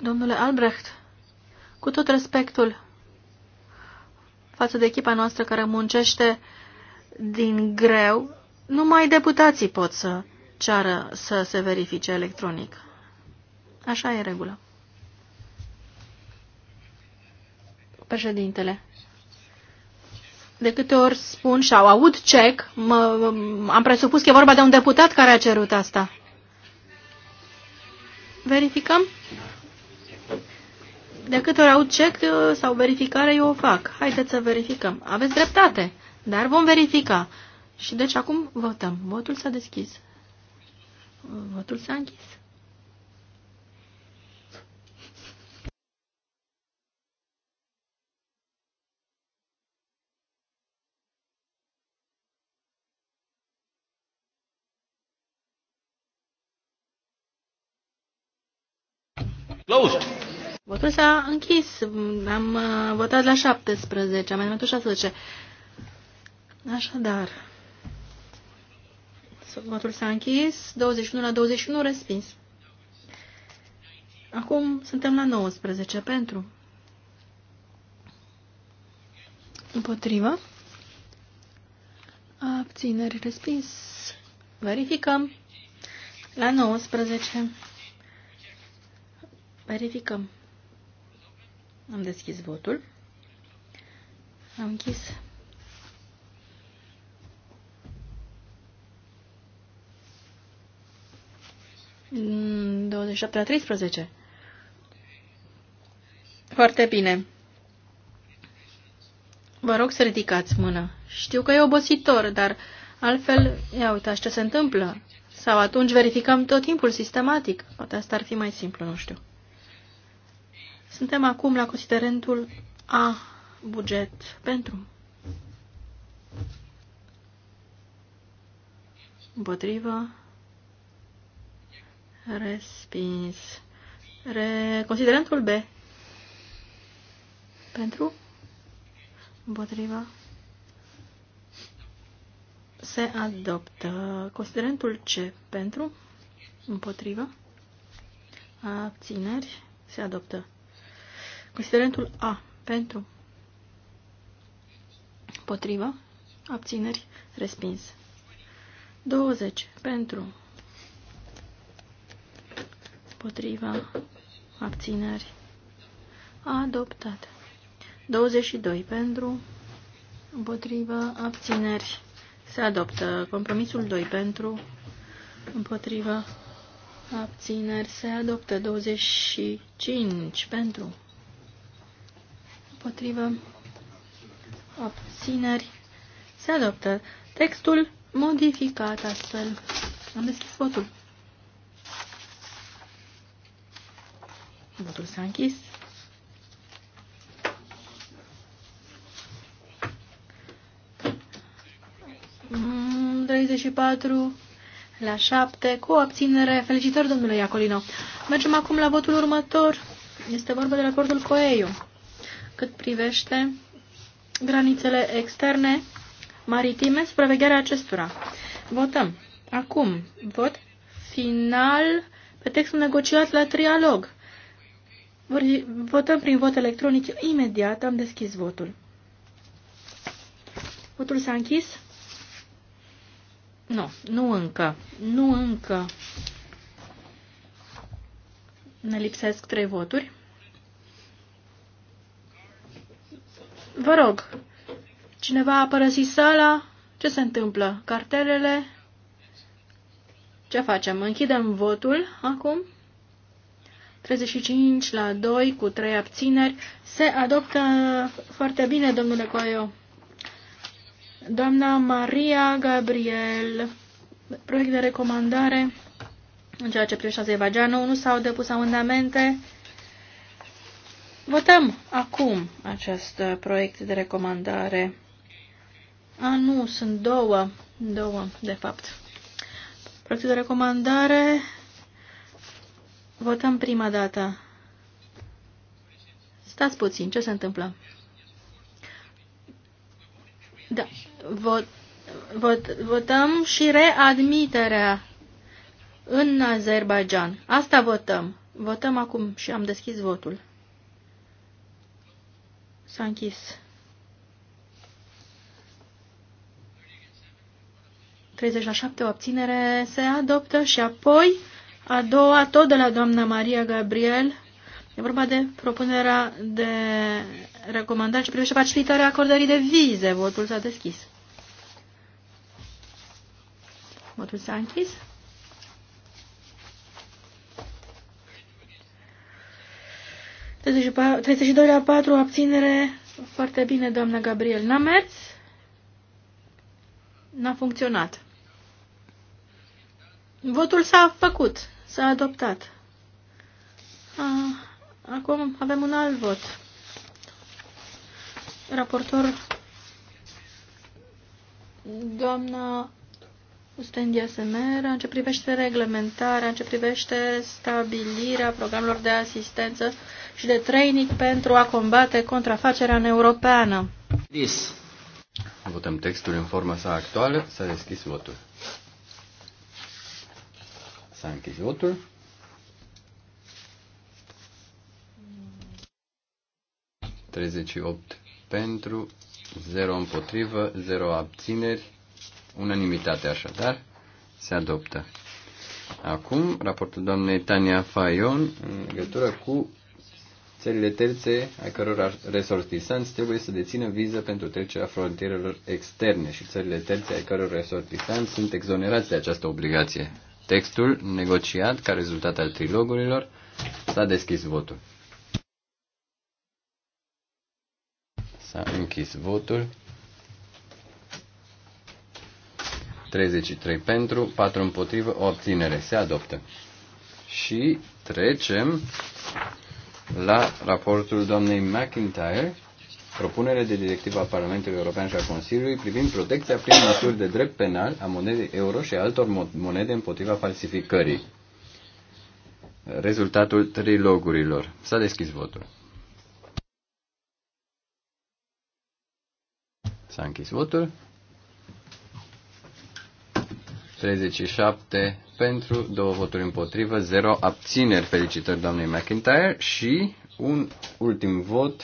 Domnule Albrecht, cu tot respectul față de echipa noastră care muncește din greu, numai deputații pot să ceară să se verifice electronic. Așa e regulă. Președintele, de câte ori spun și au avut cec, mă, am presupus că e vorba de un deputat care a cerut asta. Verificăm? De câte ori aud cec uh, sau verificare, eu o fac. Haideți să verificăm. Aveți dreptate, dar vom verifica. Și deci acum votăm. Votul s-a deschis. Votul s-a închis. Closed. Votul s-a închis. Am uh, votat la 17, amendamentul 16. Așadar, votul s-a închis, 21 la 21 respins. Acum suntem la 19 pentru. Împotrivă. Abțineri respins. Verificăm. La 19. Verificăm. Am deschis votul. Am închis. Mm, la 13. Foarte bine. Vă rog să ridicați mână. Știu că e obositor, dar altfel, ia uitați ce se întâmplă. Sau atunci verificăm tot timpul sistematic. Poate asta ar fi mai simplu, nu știu. Suntem acum la considerentul A, buget pentru. Împotrivă. Respins. Re... Considerentul B. Pentru. Împotriva. Se adoptă. Considerentul C. Pentru. Împotriva. Abțineri. Se adoptă. Considerentul A. Pentru. Potrivă. Abțineri. Respins. 20. Pentru. Potriva. Abțineri. Adoptat. 22. Pentru. Împotriva. Abțineri. Se adoptă. Compromisul 2. Pentru. Împotriva. Abțineri. Se adoptă. 25. Pentru împotrivă, obțineri, se adoptă. Textul modificat astfel. Am deschis votul. Votul s-a închis. 34 mm, la 7 cu abținere. Felicitări, domnule Iacolino. Mergem acum la votul următor. Este vorba de raportul Coeiu cât privește granițele externe maritime, supravegherea acestora. Votăm. Acum, vot final pe textul negociat la trialog. Votăm prin vot electronic imediat. Am deschis votul. Votul s-a închis? Nu, nu încă. Nu încă. Ne lipsesc trei voturi. Vă rog, cineva a părăsit sala? Ce se întâmplă? Cartelele? Ce facem? Închidem votul acum? 35 la 2 cu 3 abțineri. Se adoptă foarte bine, domnule Coaio. Doamna Maria Gabriel, proiect de recomandare în ceea ce privește Azerbaijanul, nu s-au depus amendamente. Votăm acum acest uh, proiect de recomandare. A, nu, sunt două. Două, de fapt. Proiectul de recomandare. Votăm prima dată. Stați puțin, ce se întâmplă? Da, vot, vot, votăm și readmiterea în Azerbaijan. Asta votăm. Votăm acum și am deschis votul. S-a închis. 30 la 7 o abținere se adoptă și apoi a doua, tot de la doamna Maria Gabriel, e vorba de propunerea de recomandări și privește facilitarea acordării de vize. Votul s-a deschis. Votul s-a închis. 32 la 4, abținere. Foarte bine, doamna Gabriel. N-a mers? N-a funcționat. Votul s-a făcut, s-a adoptat. A, acum avem un alt vot. Raportor doamna Ustendia Semera, în ce privește reglementarea, în ce privește stabilirea programelor de asistență și de training pentru a combate contrafacerea în europeană. Dis. Votăm textul în forma sa actuală. S-a deschis votul. S-a închis votul. Treizeci opt pentru, zero împotrivă, zero abțineri Unanimitate așadar se adoptă. Acum, raportul doamnei Tania Fayon în legătură cu țările terțe ai căror resortisanți trebuie să dețină viză pentru trecerea frontierelor externe și țările terțe ai căror resortisanți sunt exonerați de această obligație. Textul, negociat ca rezultat al trilogurilor, s-a deschis votul. S-a închis votul. 33 pentru, 4 împotrivă, o obținere. Se adoptă. Și trecem la raportul doamnei McIntyre, propunere de directivă a Parlamentului European și a Consiliului privind protecția prin măsuri de drept penal a monedei euro și a altor monede împotriva falsificării. Rezultatul trilogurilor. S-a deschis votul. S-a închis votul. 37 pentru, două voturi împotrivă, 0 abțineri. Felicitări doamnei McIntyre și un ultim vot,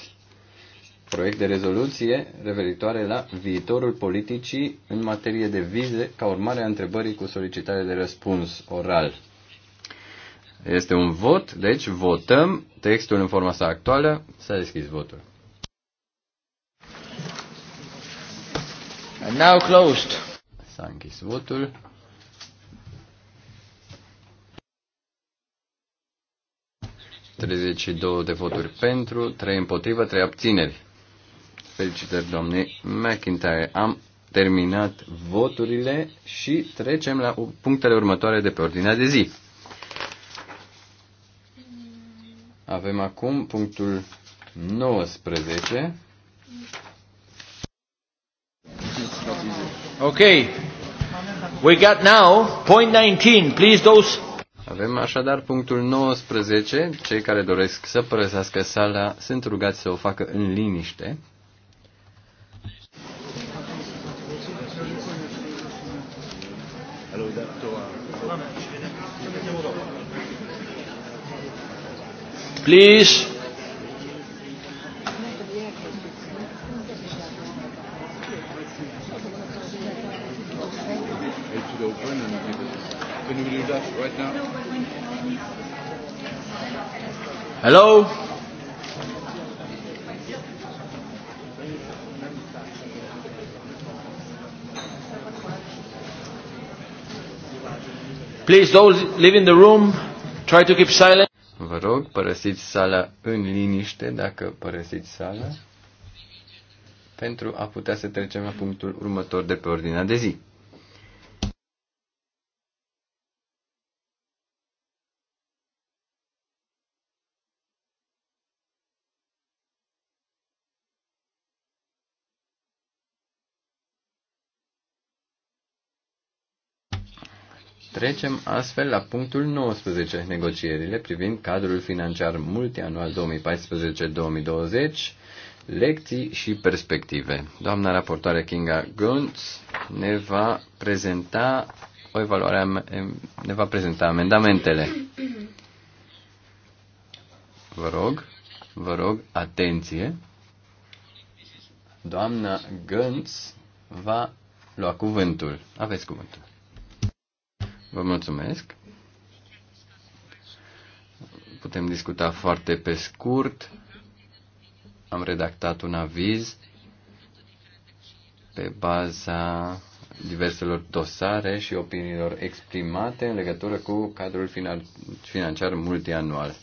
proiect de rezoluție referitoare la viitorul politicii în materie de vize ca urmare a întrebării cu solicitare de răspuns oral. Este un vot, deci votăm textul în forma sa actuală. S-a deschis votul. And now closed. S-a închis votul. 32 de voturi pentru, 3 împotrivă, 3 abțineri. Felicitări, domne McIntyre. Am terminat voturile și trecem la punctele următoare de pe ordinea de zi. Avem acum punctul 19. Ok. We got now point 19. Please those avem așadar punctul 19. Cei care doresc să părăsească sala sunt rugați să o facă în liniște. Please. right now. Hello? Please, those in the room, try to keep silent. Vă rog, părăsiți sala în liniște, dacă părăsiți sala, pentru a putea să trecem la punctul următor de pe ordinea de zi. Trecem astfel la punctul 19, negocierile privind cadrul financiar multianual 2014-2020, lecții și perspective. Doamna raportoare Kinga Gunz ne va prezenta o evaluare, ne va prezenta amendamentele. Vă rog, vă rog, atenție. Doamna Gunz va lua cuvântul. Aveți cuvântul. Vă mulțumesc. Putem discuta foarte pe scurt. Am redactat un aviz pe baza diverselor dosare și opiniilor exprimate în legătură cu cadrul financiar multianual.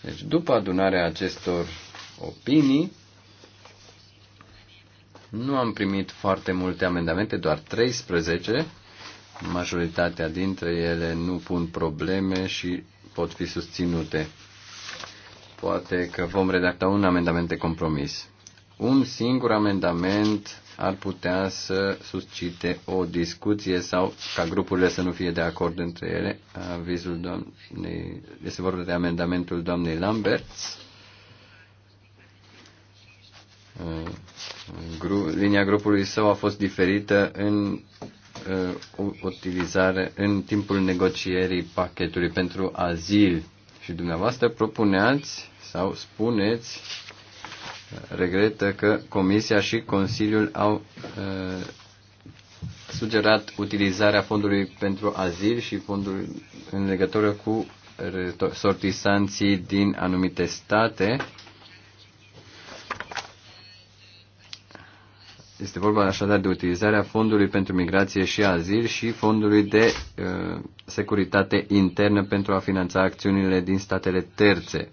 Deci, după adunarea acestor opinii, nu am primit foarte multe amendamente, doar 13, Majoritatea dintre ele nu pun probleme și pot fi susținute. Poate că vom redacta un amendament de compromis. Un singur amendament ar putea să suscite o discuție sau ca grupurile să nu fie de acord între ele. Avizul doamnei, este vorba de amendamentul doamnei Lambert. Gru, linia grupului său a fost diferită în uh, utilizare în timpul negocierii pachetului pentru azil. Și dumneavoastră propuneați sau spuneți, uh, regretă că Comisia și Consiliul au uh, sugerat utilizarea fondului pentru azil și fondul în legătură cu sortisanții din anumite state Este vorba așadar de utilizarea Fondului pentru Migrație și Azil și Fondului de uh, Securitate Internă pentru a finanța acțiunile din statele terțe.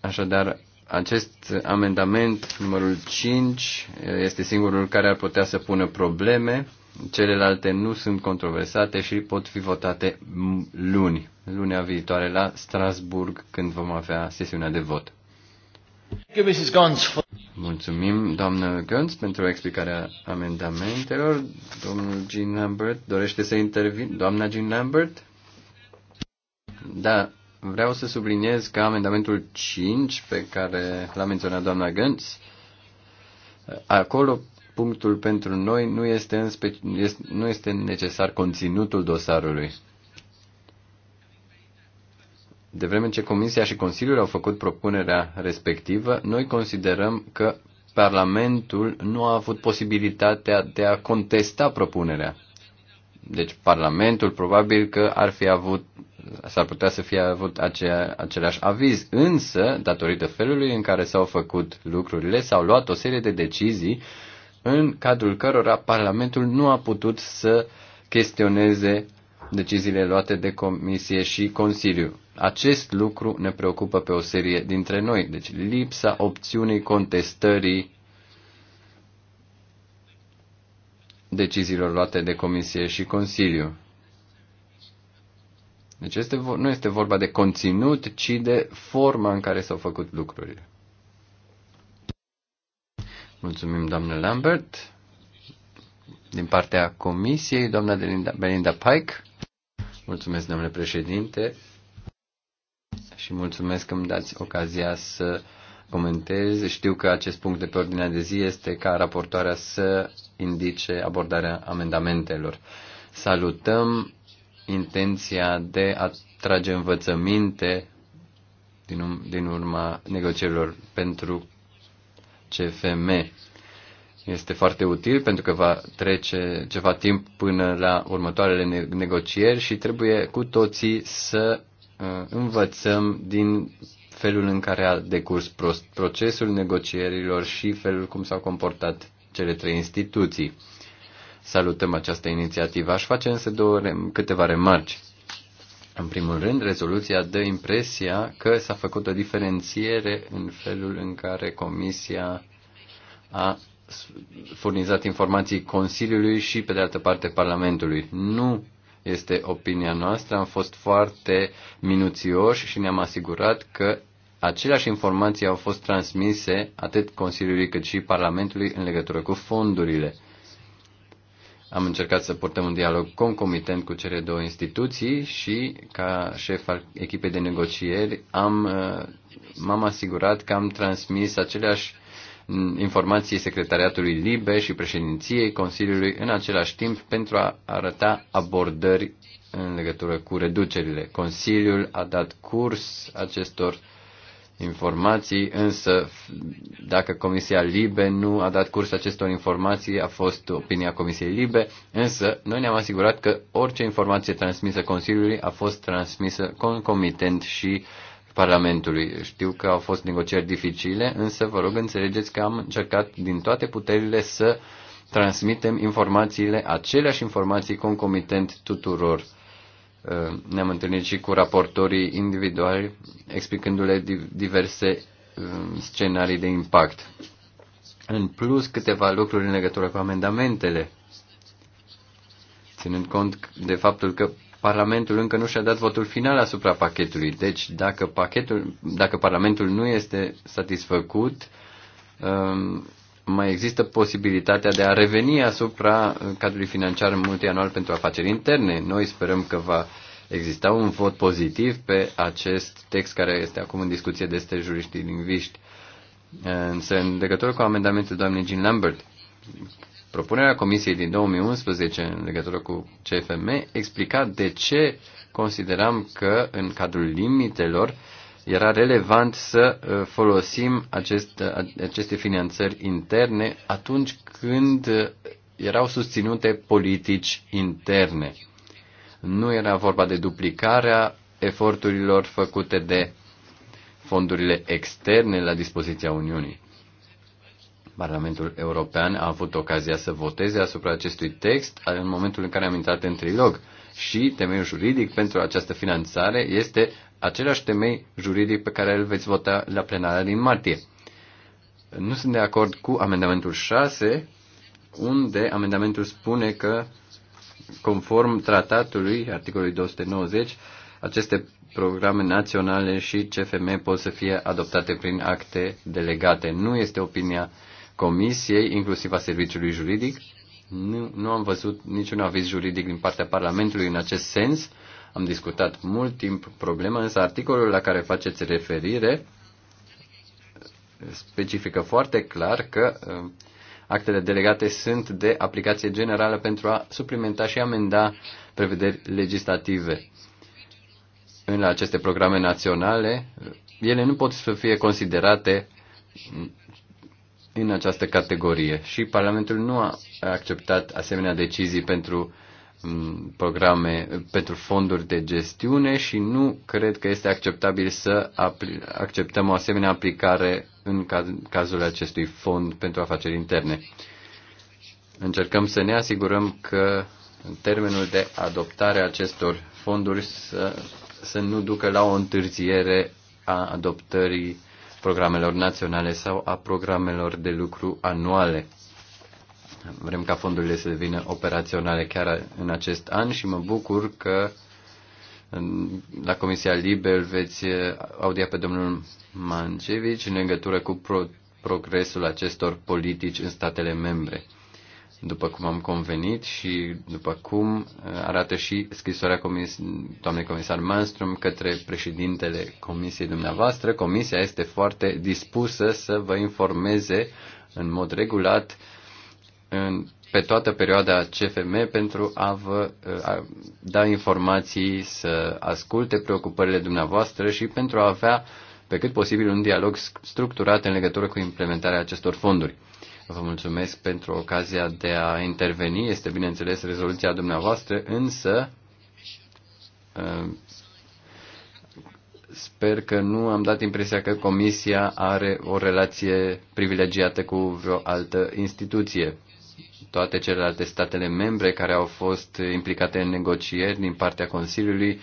Așadar, acest amendament, numărul 5, uh, este singurul care ar putea să pună probleme. Celelalte nu sunt controversate și pot fi votate luni, lunea viitoare la Strasburg, când vom avea sesiunea de vot. Mulțumim, doamnă Gönz, pentru explicarea amendamentelor. Domnul Jean Lambert dorește să intervin. Doamna Jean Lambert? Da, vreau să subliniez că amendamentul 5 pe care l-a menționat doamna Gânț, acolo punctul pentru noi nu este, în speci- nu este necesar conținutul dosarului. De vreme ce Comisia și Consiliul au făcut propunerea respectivă, noi considerăm că Parlamentul nu a avut posibilitatea de a contesta propunerea. Deci Parlamentul probabil că ar fi avut, s-ar putea să fie avut acea, același aviz, însă, datorită felului în care s-au făcut lucrurile, s-au luat o serie de decizii în cadrul cărora Parlamentul nu a putut să chestioneze deciziile luate de Comisie și Consiliu. Acest lucru ne preocupă pe o serie dintre noi, deci lipsa opțiunii contestării deciziilor luate de Comisie și Consiliu. Deci este, nu este vorba de conținut, ci de forma în care s-au făcut lucrurile. Mulțumim, doamnă Lambert. Din partea Comisiei, doamna Belinda Pike. Mulțumesc, domnule președinte, și mulțumesc că îmi dați ocazia să comentez. Știu că acest punct de pe ordinea de zi este ca raportoarea să indice abordarea amendamentelor. Salutăm intenția de a trage învățăminte din, um, urma negocierilor pentru CFM este foarte util pentru că va trece ceva timp până la următoarele negocieri și trebuie cu toții să uh, învățăm din felul în care a decurs procesul negocierilor și felul cum s-au comportat cele trei instituții. Salutăm această inițiativă. Aș face însă două, câteva remarci. În primul rând, rezoluția dă impresia că s-a făcut o diferențiere în felul în care Comisia a furnizat informații Consiliului și, pe de altă parte, Parlamentului. Nu este opinia noastră. Am fost foarte minuțioși și ne-am asigurat că aceleași informații au fost transmise atât Consiliului cât și Parlamentului în legătură cu fondurile. Am încercat să purtăm un dialog concomitent cu cele două instituții și, ca șef al echipei de negocieri, am, eh, m-am asigurat că am transmis aceleași informației Secretariatului Libe și președinției Consiliului în același timp pentru a arăta abordări în legătură cu reducerile. Consiliul a dat curs acestor informații, însă dacă Comisia Libe nu a dat curs acestor informații, a fost opinia Comisiei Libe, însă noi ne-am asigurat că orice informație transmisă Consiliului a fost transmisă concomitent și Parlamentului. Știu că au fost negocieri dificile, însă vă rog înțelegeți că am încercat din toate puterile să transmitem informațiile, aceleași informații concomitent tuturor. Uh, ne-am întâlnit și cu raportorii individuali, explicându-le diverse uh, scenarii de impact. În plus, câteva lucruri în legătură cu amendamentele, ținând cont de faptul că Parlamentul încă nu și-a dat votul final asupra pachetului. Deci, dacă, pachetul, dacă Parlamentul nu este satisfăcut, um, mai există posibilitatea de a reveni asupra cadrului financiar multianual pentru afaceri interne. Noi sperăm că va exista un vot pozitiv pe acest text care este acum în discuție de este juriștii lingviști. Însă, în legătură cu amendamentul doamnei Jean Lambert, Propunerea Comisiei din 2011 în legătură cu CFM explica de ce consideram că în cadrul limitelor era relevant să uh, folosim acest, uh, aceste finanțări interne atunci când uh, erau susținute politici interne. Nu era vorba de duplicarea eforturilor făcute de fondurile externe la dispoziția Uniunii. Parlamentul European a avut ocazia să voteze asupra acestui text în momentul în care am intrat în trilog și temeiul juridic pentru această finanțare este același temei juridic pe care îl veți vota la plenarea din martie. Nu sunt de acord cu amendamentul 6, unde amendamentul spune că, conform tratatului, articolului 290, aceste programe naționale și CFM pot să fie adoptate prin acte delegate. Nu este opinia uh, Comisiei, inclusiv a Serviciului Juridic. Nu, nu am văzut niciun aviz juridic din partea Parlamentului în acest sens. Am discutat mult timp problema, însă articolul la care faceți referire specifică foarte clar că uh, actele delegate sunt de aplicație generală pentru a suplimenta și amenda prevederi legislative. În aceste programe naționale, ele nu pot să fie considerate în această categorie și Parlamentul nu a acceptat asemenea decizii pentru mm, programe pentru fonduri de gestiune și nu cred că este acceptabil să acceptăm o asemenea aplicare în cazul acestui fond pentru afaceri interne. Încercăm să ne asigurăm că termenul de adoptare a acestor fonduri să, să nu ducă la o întârziere a adoptării programelor naționale sau a programelor de lucru anuale. Vrem ca fondurile să devină operaționale chiar în acest an și mă bucur că la Comisia Liber veți audia pe domnul Mancevici în legătură cu pro- progresul acestor politici în statele membre după cum am convenit și după cum uh, arată și scrisoarea comis- doamnei comisar Manstrom către președintele comisiei dumneavoastră, comisia este foarte dispusă să vă informeze în mod regulat în, pe toată perioada CFM pentru a vă uh, a da informații, să asculte preocupările dumneavoastră și pentru a avea pe cât posibil un dialog structurat în legătură cu implementarea acestor fonduri. Vă mulțumesc pentru ocazia de a interveni. Este, bineînțeles, rezoluția dumneavoastră, însă uh, sper că nu am dat impresia că Comisia are o relație privilegiată cu vreo altă instituție. Toate celelalte statele membre care au fost implicate în negocieri din partea Consiliului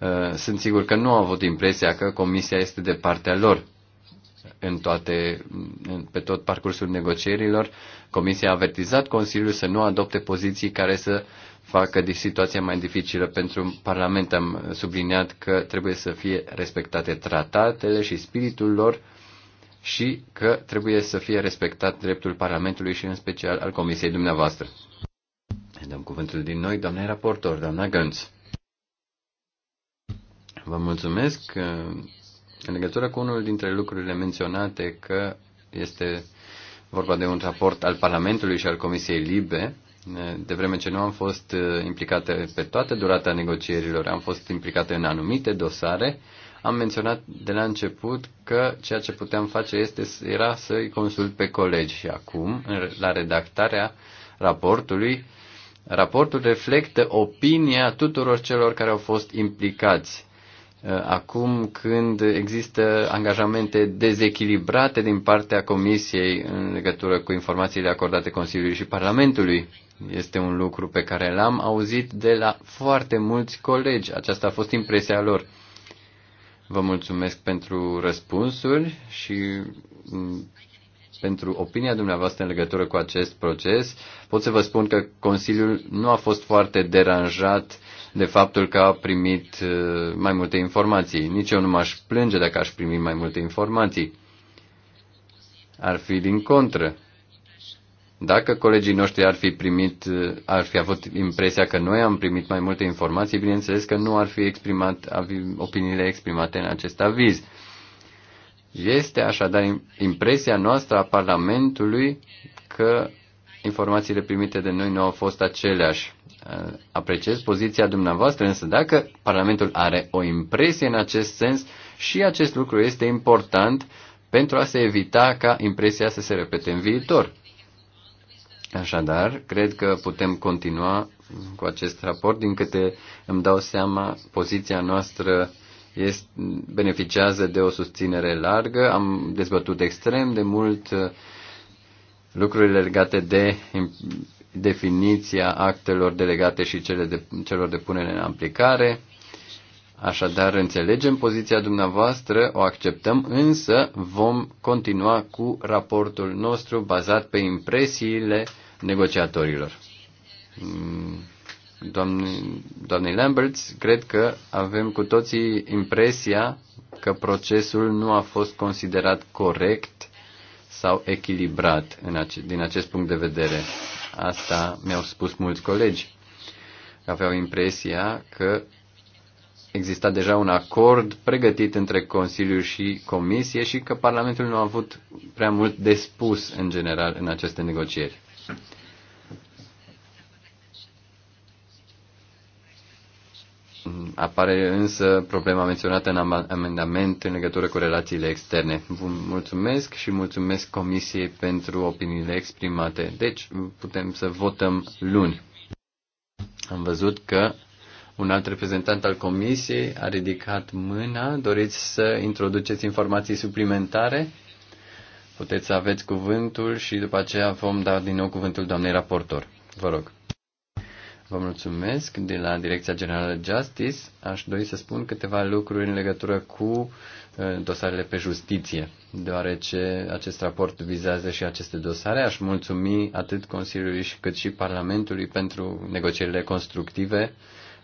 uh, sunt sigur că nu au avut impresia că Comisia este de partea lor în toate, pe tot parcursul negocierilor. Comisia a avertizat Consiliul să nu adopte poziții care să facă situația mai dificilă pentru Parlament. Am subliniat că trebuie să fie respectate tratatele și spiritul lor și că trebuie să fie respectat dreptul Parlamentului și în special al Comisiei dumneavoastră. Dăm cuvântul din noi, doamnei raportor, doamna Gânț. Vă mulțumesc în legătură cu unul dintre lucrurile menționate că este vorba de un raport al Parlamentului și al Comisiei Libe, de vreme ce nu am fost uh, implicate pe toată durata negocierilor, am fost implicate în anumite dosare, am menționat de la început că ceea ce puteam face este, era să-i consult pe colegi și acum, la redactarea raportului, raportul reflectă opinia tuturor celor care au fost implicați Uh, acum când există angajamente dezechilibrate din partea Comisiei în legătură cu informațiile acordate Consiliului și Parlamentului. Este un lucru pe care l-am auzit de la foarte mulți colegi. Aceasta a fost impresia lor. Vă mulțumesc pentru răspunsuri și mm, pentru opinia dumneavoastră în legătură cu acest proces. Pot să vă spun că Consiliul nu a fost foarte deranjat de faptul că a primit uh, mai multe informații. Nici eu nu m-aș plânge dacă aș primi mai multe informații. Ar fi din contră. Dacă colegii noștri ar fi primit, uh, ar fi avut impresia că noi am primit mai multe informații, bineînțeles că nu ar fi exprimat opiniile exprimate în acest aviz. Este așadar impresia noastră a Parlamentului că informațiile primite de noi nu au fost aceleași apreciez poziția dumneavoastră, însă dacă Parlamentul are o impresie în acest sens și acest lucru este important pentru a se evita ca impresia să se repete în viitor. Așadar, cred că putem continua cu acest raport. Din câte îmi dau seama, poziția noastră este, beneficiază de o susținere largă. Am dezbătut extrem de mult uh, lucrurile legate de definiția actelor delegate și cele de, celor de punere în aplicare. Așadar, înțelegem poziția dumneavoastră, o acceptăm, însă vom continua cu raportul nostru bazat pe impresiile negociatorilor. Mm, doamne, doamne Lamberts, cred că avem cu toții impresia că procesul nu a fost considerat corect sau echilibrat în ace- din acest punct de vedere. Asta mi-au spus mulți colegi. Aveau impresia că exista deja un acord pregătit între Consiliu și Comisie și că Parlamentul nu a avut prea mult de spus în general în aceste negocieri. Apare însă problema menționată în amendament în legătură cu relațiile externe. Vă mulțumesc și mulțumesc Comisiei pentru opiniile exprimate. Deci putem să votăm luni. Am văzut că un alt reprezentant al Comisiei a ridicat mâna. Doriți să introduceți informații suplimentare? Puteți să aveți cuvântul și după aceea vom da din nou cuvântul doamnei raportor. Vă rog. Vă mulțumesc. De la Direcția Generală Justice aș dori să spun câteva lucruri în legătură cu uh, dosarele pe justiție, deoarece acest raport vizează și aceste dosare. Aș mulțumi atât Consiliului cât și Parlamentului pentru negocierile constructive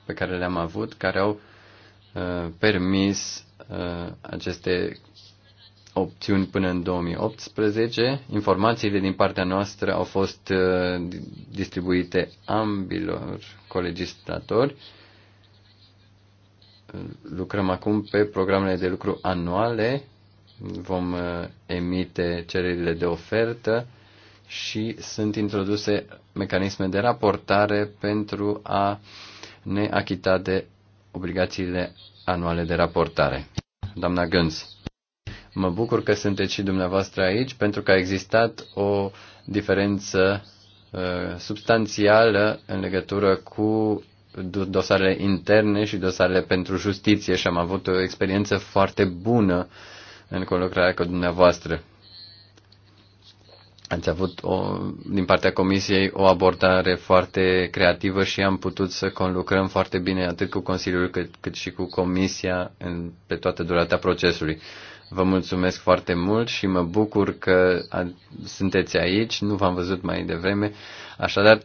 pe care le-am avut, care au uh, permis uh, aceste opțiuni până în 2018. Informațiile din partea noastră au fost uh, distribuite ambilor colegislatori. Lucrăm acum pe programele de lucru anuale, vom uh, emite cererile de ofertă și sunt introduse mecanisme de raportare pentru a ne achita de obligațiile anuale de raportare. Doamna Gânz. Mă bucur că sunteți și dumneavoastră aici pentru că a existat o diferență uh, substanțială în legătură cu dosarele interne și dosarele pentru justiție și am avut o experiență foarte bună în colocarea cu dumneavoastră. Ați avut o, din partea Comisiei o abordare foarte creativă și am putut să conlucrăm foarte bine atât cu Consiliul cât, cât și cu Comisia în, pe toată durata procesului. Vă mulțumesc foarte mult și mă bucur că sunteți aici, nu v-am văzut mai devreme, așadar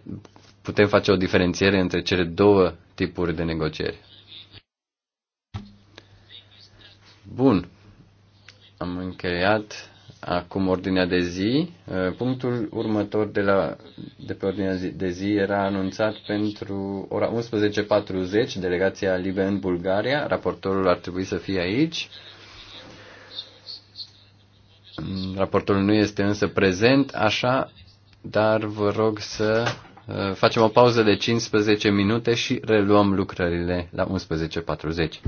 putem face o diferențiere între cele două tipuri de negocieri. Bun, am încheiat acum ordinea de zi. Uh, punctul următor de, la, de pe ordinea de zi era anunțat pentru ora 11.40, delegația Libe în Bulgaria. Raportorul ar trebui să fie aici. Raportul nu este însă prezent, așa, dar vă rog să uh, facem o pauză de 15 minute și reluăm lucrările la 11.40.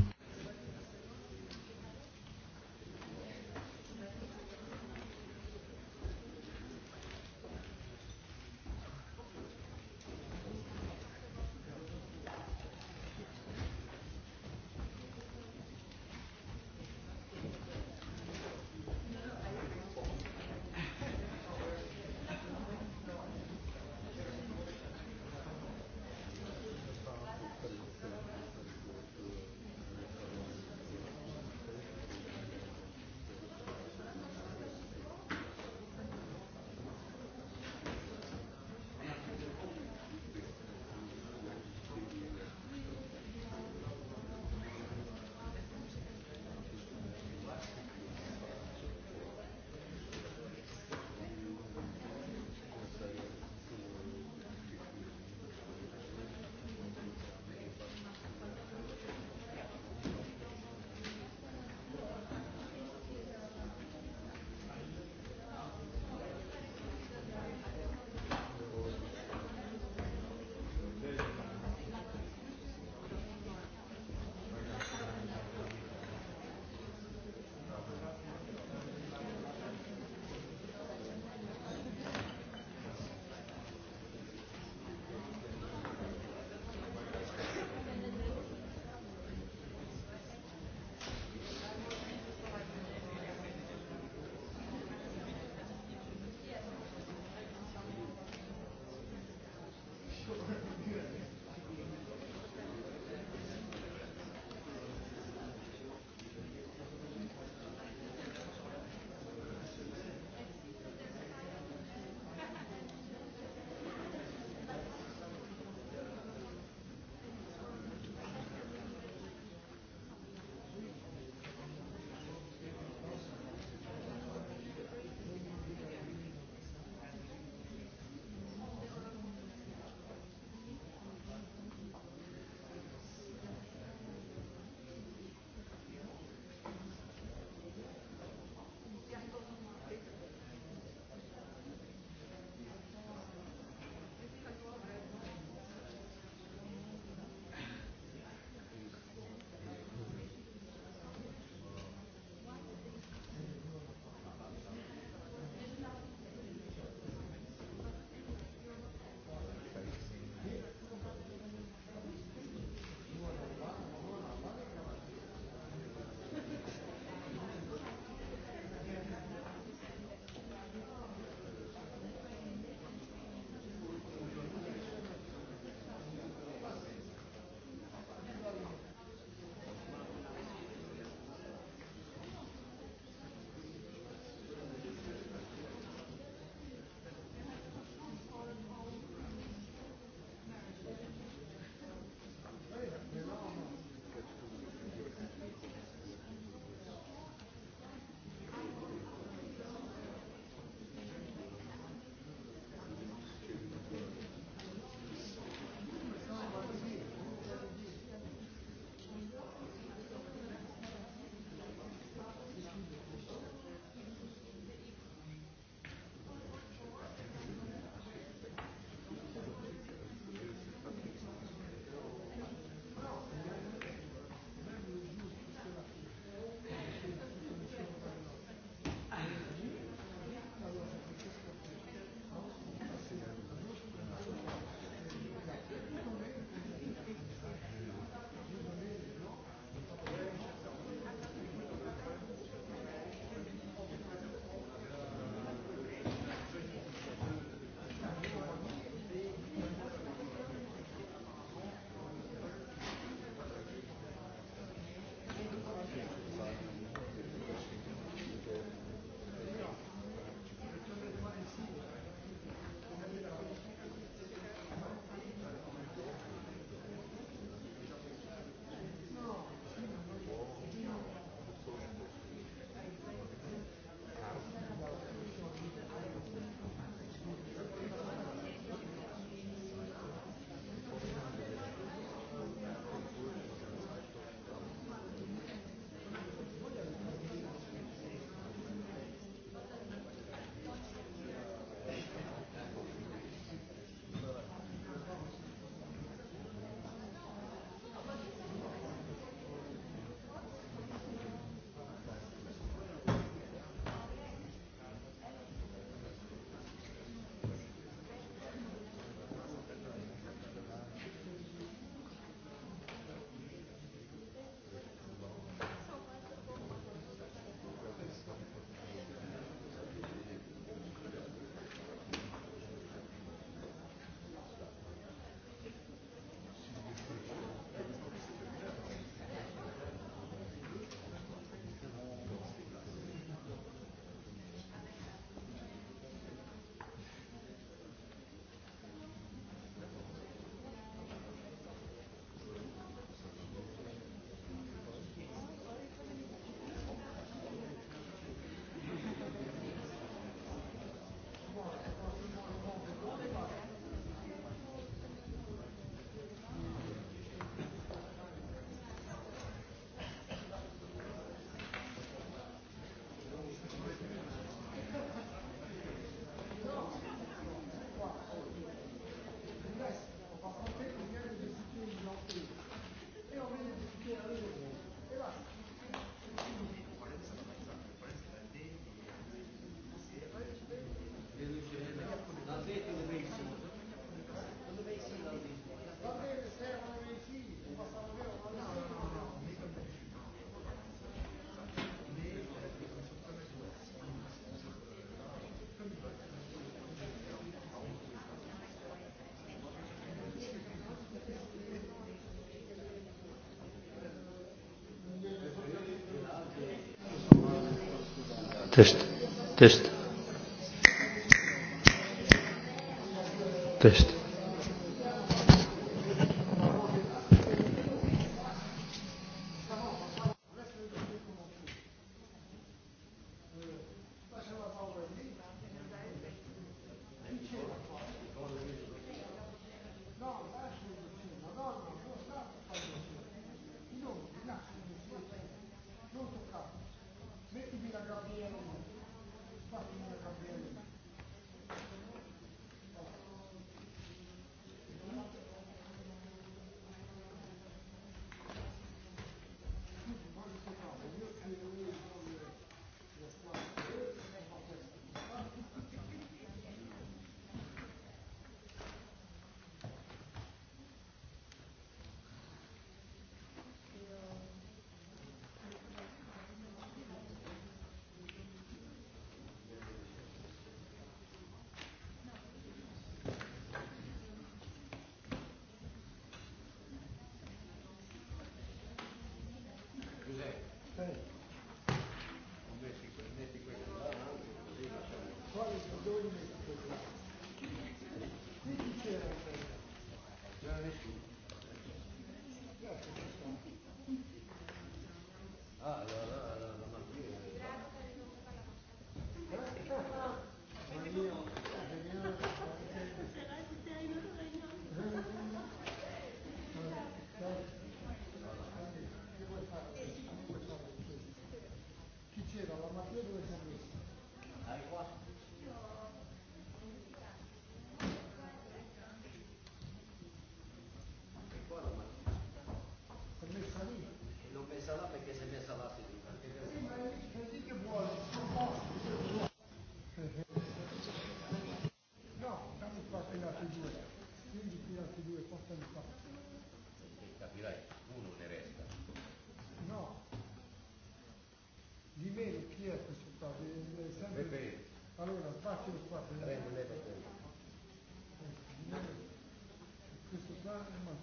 Test. Test. Test.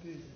Thank you.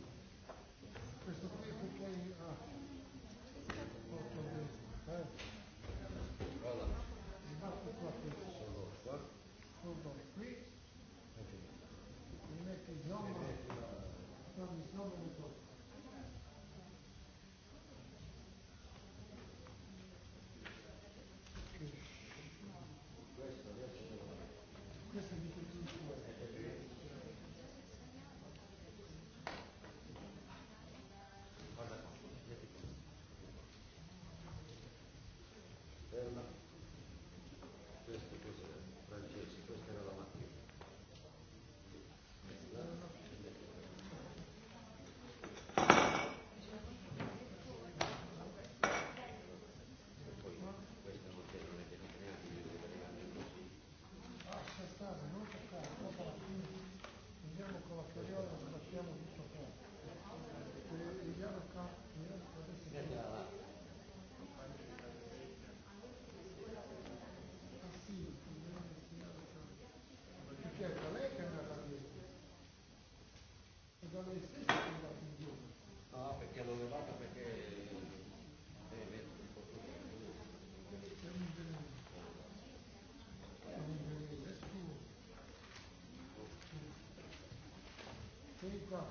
qua.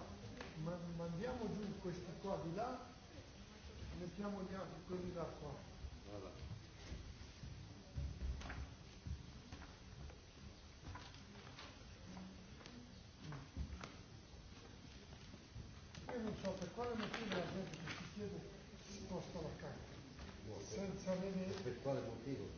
Ma mandiamo giù questi qua di là, mettiamo gli altri quelli da qua. Voilà. Io non so per quale motivo la gente che si chiede si sposta la carta, senza avere... Per quale motivo?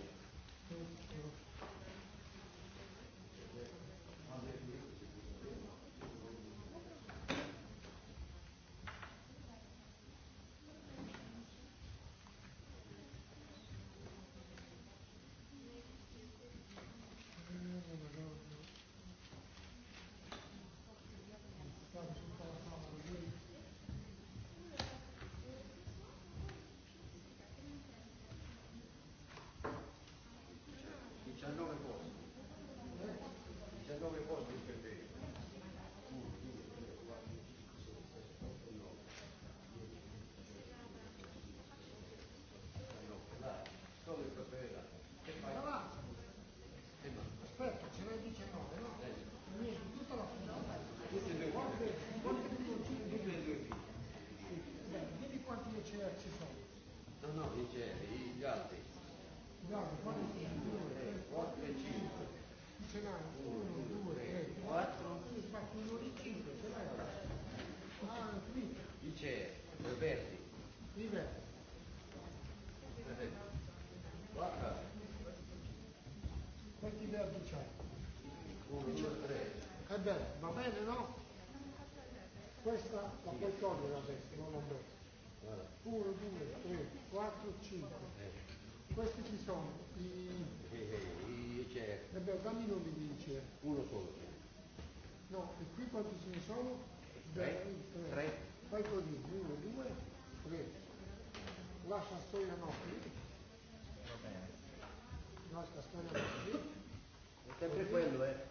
bene, no? Questa la puoi togliere adesso, non la metto. 1, 2, 3, 4, 5. Questi chi sono? I... Eh, eh c'è... E eh beh, dammi non mi dice. Uno solo. No, e qui quanti ce ne sono? 3. 3. Fai così, 1, 2, 3. Lascia storia no qui. Va bene. Lascia storia no qui. È sempre quello, eh.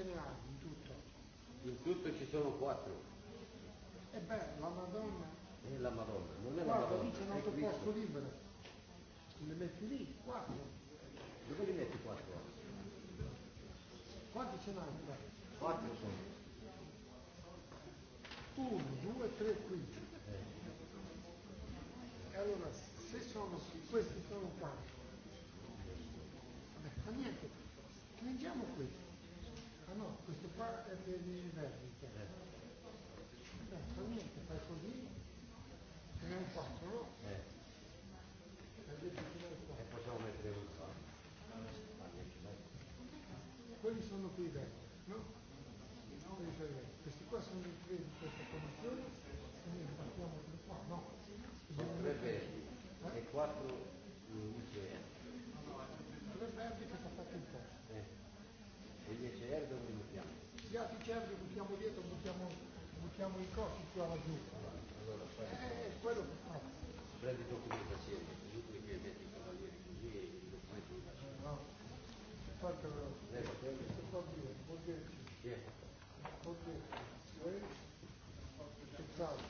generale, in tutto. In tutto ci sono quattro. E beh, la Madonna. E la Madonna, non è la Guarda, Madonna. Guarda, lì c'è un altro posto libero. Le metti lì, quattro. Dove li metti quattro? Quanti ce n'hai? Quattro sono. Uno, due, tre, quinto. Eh. E allora, se sono, questi sono quattro. Vabbè, fa niente. Leggiamo questo questo qua è per i vertici. Eh, fa niente, fai così, ce n'è un 4, no? Eh. E possiamo mettere un 4. Quelli sono qui i vertici, no? Quelli sono i vertici. Questi qua sono i tre di questa formazione, quindi partiamo da qua, no? Sono tre vertici eh? e quattro luce. Mm, tre vertici cambiato i cervi, buttiamo dietro, buttiamo, buttiamo i corpi qua laggiù. Allora, eh, eh, quello che fa. Prendi documentazione, giù qui che metti i cavalieri così e il documento lo lasci. No, quanto lo... Eh, ma quello... Questo qua qui, vuol dire... Sì. Vuol dire... Sì. Pensavo.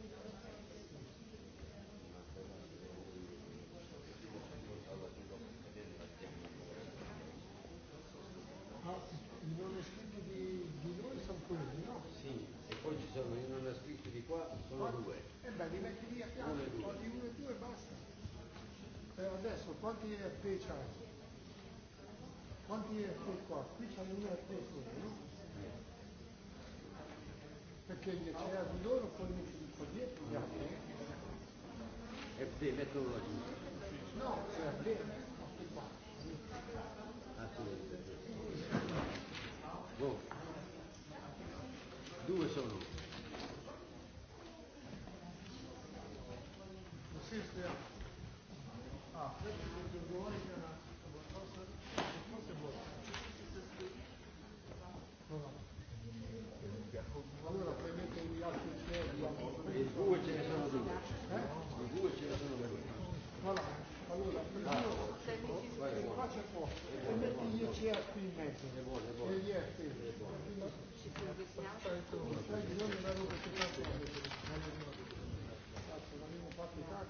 Qua sono due. E beh, li metti lì a fianco, togli uno e due e basta. E adesso quanti EFP c'hai? Quanti EFP qua? Qui c'hai un EFP solo, no? Perché gli c'era di loro poi metti di qua dietro gli altri. te metto uno giù. No, c'è FD, qua. Due sono.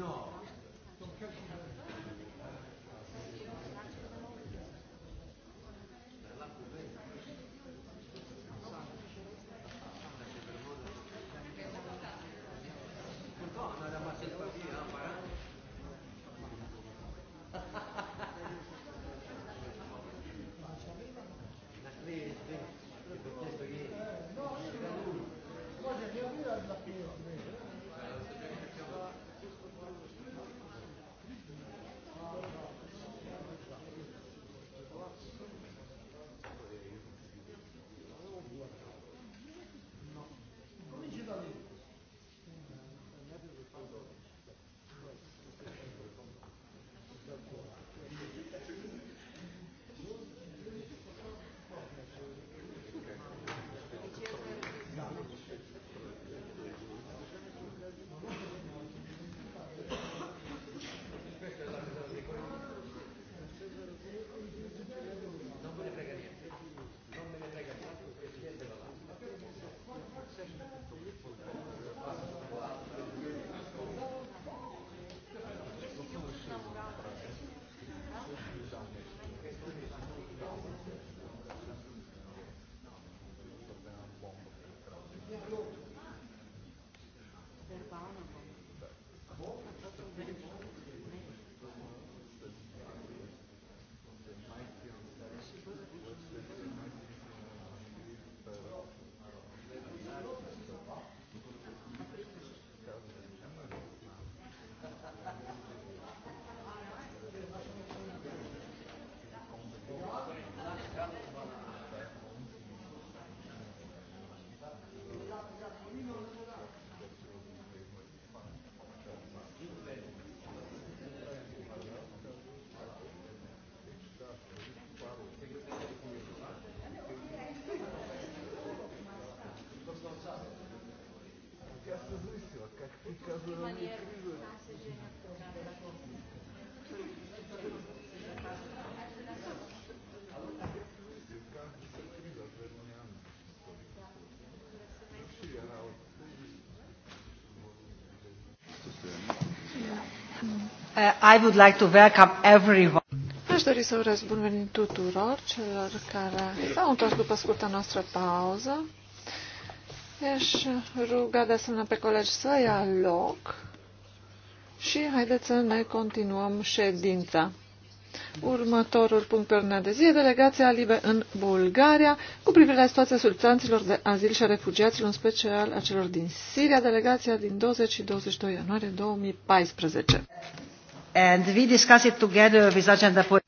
No. Uh, I would like to welcome everyone. Aș dori să urez bun venit tuturor celor care s-au întors după scurta noastră pauză aș ruga de asemenea pe colegi să ia loc și haideți să ne continuăm ședința. Următorul punct pe ordinea de zi e delegația Libe în Bulgaria cu privire la situația sultanților de azil și a refugiaților, în special a celor din Siria, delegația din 20 și 22 ianuarie 2014. And we discuss it together with agenda for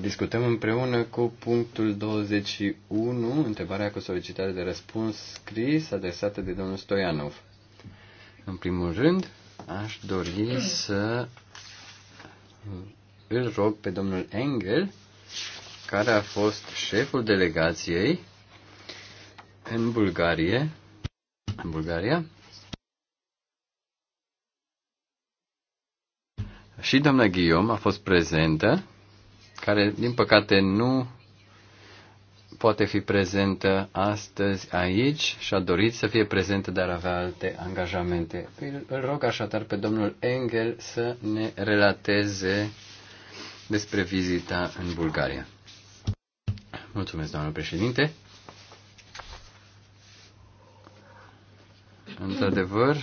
discutăm împreună cu punctul 21, întrebarea cu solicitare de răspuns scris adresată de domnul Stoianov. În primul rând, aș dori să îl rog pe domnul Engel, care a fost șeful delegației în Bulgarie, în Bulgaria, și doamna Guillaume a fost prezentă care, din păcate, nu poate fi prezentă astăzi aici și a dorit să fie prezentă, dar avea alte angajamente. Păi, îl rog așadar pe domnul Engel să ne relateze despre vizita în Bulgaria. Mulțumesc, doamnă președinte. Într-adevăr,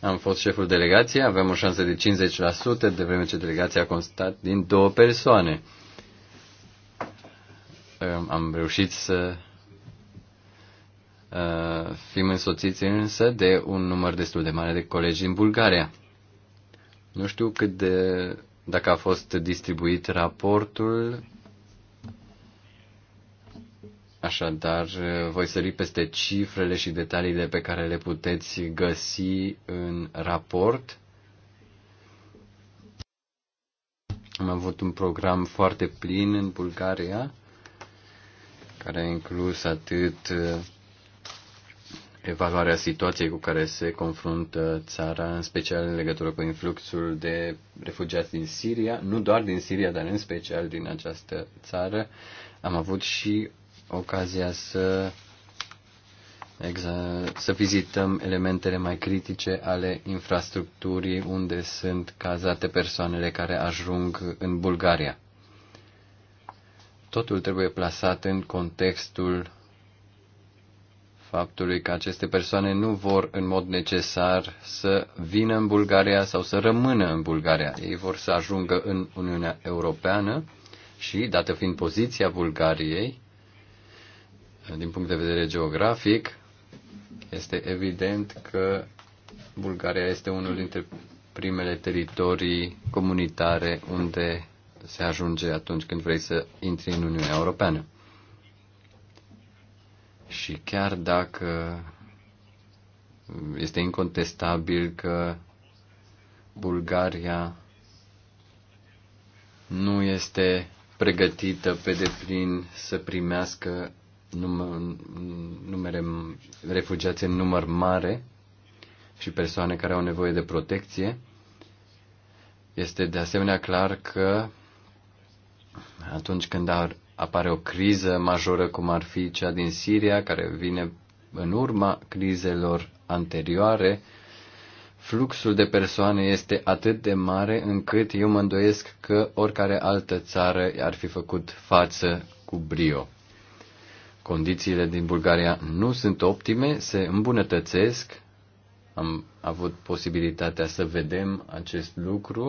am fost șeful delegației, aveam o șansă de 50%, de vreme ce delegația a constat din două persoane. Am reușit să ă, fim însoțiți însă de un număr destul de mare de colegi din Bulgaria. Nu știu cât de, dacă a fost distribuit raportul Așadar, voi sări peste cifrele și detaliile pe care le puteți găsi în raport. Am avut un program foarte plin în Bulgaria, care a inclus atât uh, evaluarea situației cu care se confruntă țara, în special în legătură cu influxul de refugiați din Siria, nu doar din Siria, dar în special din această țară. Am avut și ocazia să, exa- să vizităm elementele mai critice ale infrastructurii unde sunt cazate persoanele care ajung în Bulgaria. Totul trebuie plasat în contextul faptului că aceste persoane nu vor în mod necesar să vină în Bulgaria sau să rămână în Bulgaria. Ei vor să ajungă în Uniunea Europeană și, dată fiind poziția Bulgariei, din punct de vedere geografic, este evident că Bulgaria este unul dintre primele teritorii comunitare unde se ajunge atunci când vrei să intri în Uniunea Europeană. Și chiar dacă este incontestabil că Bulgaria nu este pregătită pe deplin să primească numere, refugiați în număr mare și persoane care au nevoie de protecție. Este de asemenea clar că atunci când apare o criză majoră, cum ar fi cea din Siria, care vine în urma crizelor anterioare, fluxul de persoane este atât de mare încât eu mă îndoiesc că oricare altă țară ar fi făcut față cu brio. Condițiile din Bulgaria nu sunt optime, se îmbunătățesc. Am avut posibilitatea să vedem acest lucru.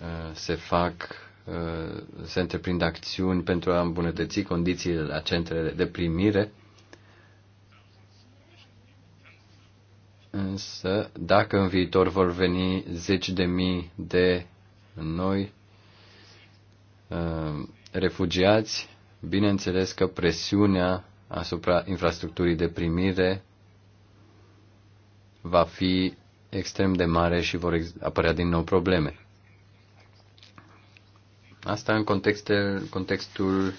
Uh, se fac, uh, se întreprind acțiuni pentru a îmbunătăți condițiile la centrele de primire. Însă, dacă în viitor vor veni zeci de mii de noi uh, refugiați, Bineînțeles că presiunea asupra infrastructurii de primire va fi extrem de mare și vor apărea din nou probleme. Asta în contextul, contextul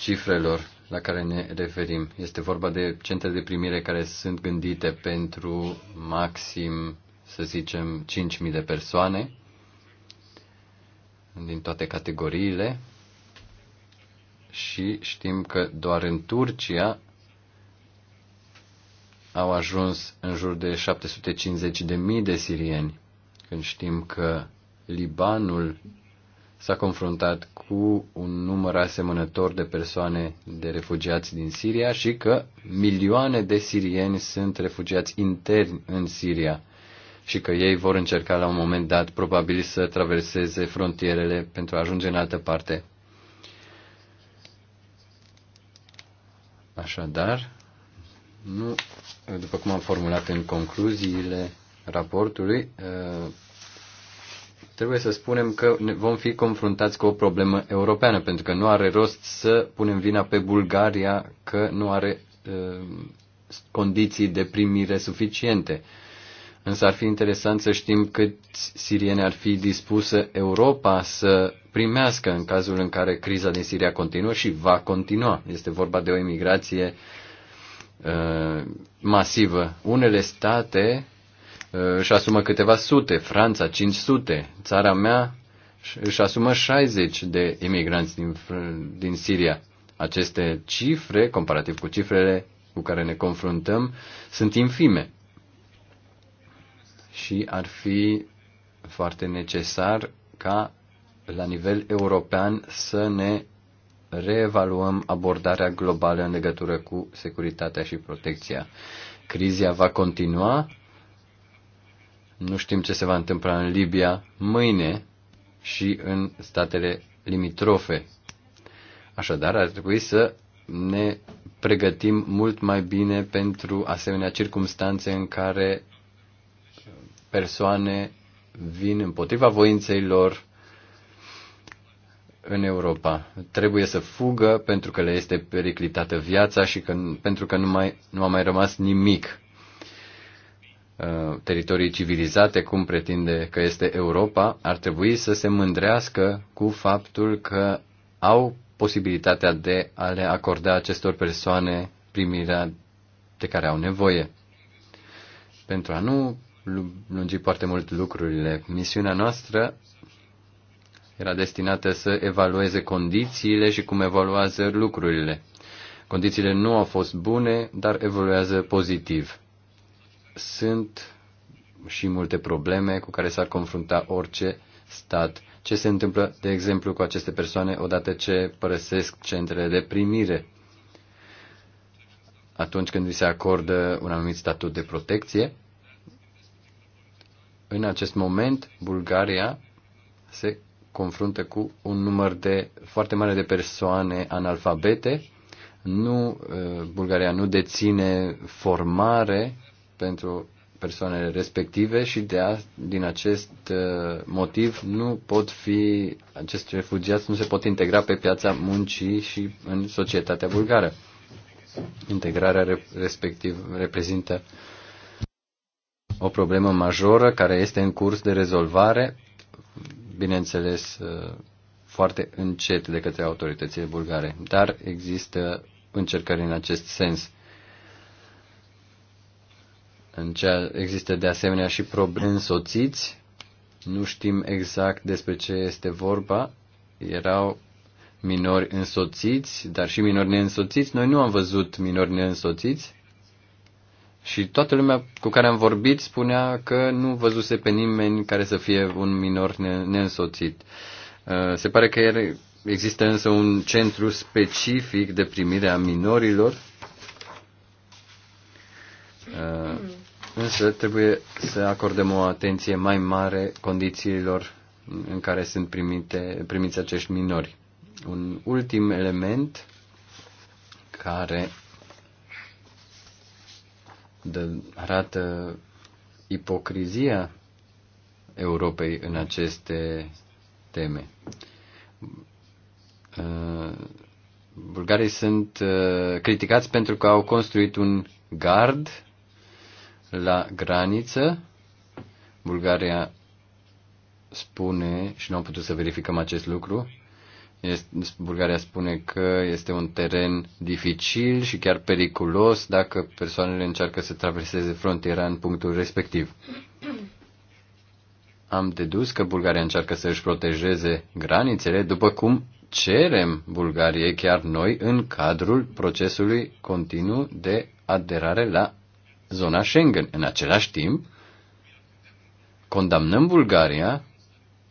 cifrelor la care ne referim. Este vorba de centre de primire care sunt gândite pentru maxim, să zicem, 5.000 de persoane din toate categoriile și știm că doar în Turcia au ajuns în jur de 750.000 de mii de sirieni, când știm că Libanul s-a confruntat cu un număr asemănător de persoane de refugiați din Siria și că milioane de sirieni sunt refugiați interni în Siria și că ei vor încerca la un moment dat probabil să traverseze frontierele pentru a ajunge în altă parte. Așadar, nu, după cum am formulat în concluziile raportului, uh, trebuie să spunem că ne vom fi confruntați cu o problemă europeană, pentru că nu are rost să punem vina pe Bulgaria că nu are uh, condiții de primire suficiente. Însă ar fi interesant să știm cât sirieni ar fi dispusă Europa să primească în cazul în care criza din Siria continuă și va continua. Este vorba de o imigrație uh, masivă. Unele state uh, își asumă câteva sute, Franța 500, țara mea își asumă 60 de imigranți din, din Siria. Aceste cifre, comparativ cu cifrele cu care ne confruntăm, sunt infime și ar fi foarte necesar ca la nivel european să ne reevaluăm abordarea globală în legătură cu securitatea și protecția. Criza va continua. Nu știm ce se va întâmpla în Libia mâine și în statele limitrofe. Așadar, ar trebui să ne pregătim mult mai bine pentru asemenea circumstanțe în care persoane vin împotriva voinței lor în Europa. Trebuie să fugă pentru că le este periclitată viața și că, pentru că nu, mai, nu a mai rămas nimic. Uh, teritorii civilizate, cum pretinde că este Europa, ar trebui să se mândrească cu faptul că au posibilitatea de a le acorda acestor persoane primirea de care au nevoie. Pentru a nu lungi foarte mult lucrurile. Misiunea noastră era destinată să evalueze condițiile și cum evaluează lucrurile. Condițiile nu au fost bune, dar evoluează pozitiv. Sunt și multe probleme cu care s-ar confrunta orice stat. Ce se întâmplă, de exemplu, cu aceste persoane odată ce părăsesc centrele de primire? Atunci când vi se acordă un anumit statut de protecție, în acest moment, Bulgaria se confruntă cu un număr de foarte mare de persoane analfabete. Nu, uh, Bulgaria nu deține formare pentru persoanele respective și de a, din acest uh, motiv nu pot fi, acești refugiați nu se pot integra pe piața muncii și în societatea bulgară. Integrarea respectiv reprezintă uh, o problemă majoră care este în curs de rezolvare, bineînțeles uh, foarte încet de către autoritățile bulgare, dar există încercări în acest sens. În cea, există de asemenea și probleme însoțiți, nu știm exact despre ce este vorba, erau minori însoțiți, dar și minori neînsoțiți. Noi nu am văzut minori neînsoțiți, și toată lumea cu care am vorbit spunea că nu văzuse pe nimeni care să fie un minor neînsoțit. Uh, se pare că există însă un centru specific de primire a minorilor. Uh, însă trebuie să acordăm o atenție mai mare condițiilor în care sunt primite, primiți acești minori. Un ultim element care de, arată ipocrizia Europei în aceste teme. Uh, bulgarii sunt uh, criticați pentru că au construit un gard la graniță. Bulgaria spune, și nu am putut să verificăm acest lucru, Bulgaria spune că este un teren dificil și chiar periculos dacă persoanele încearcă să traverseze frontiera în punctul respectiv. Am dedus că Bulgaria încearcă să își protejeze granițele, după cum cerem Bulgariei chiar noi în cadrul procesului continuu de aderare la zona Schengen. În același timp, condamnăm Bulgaria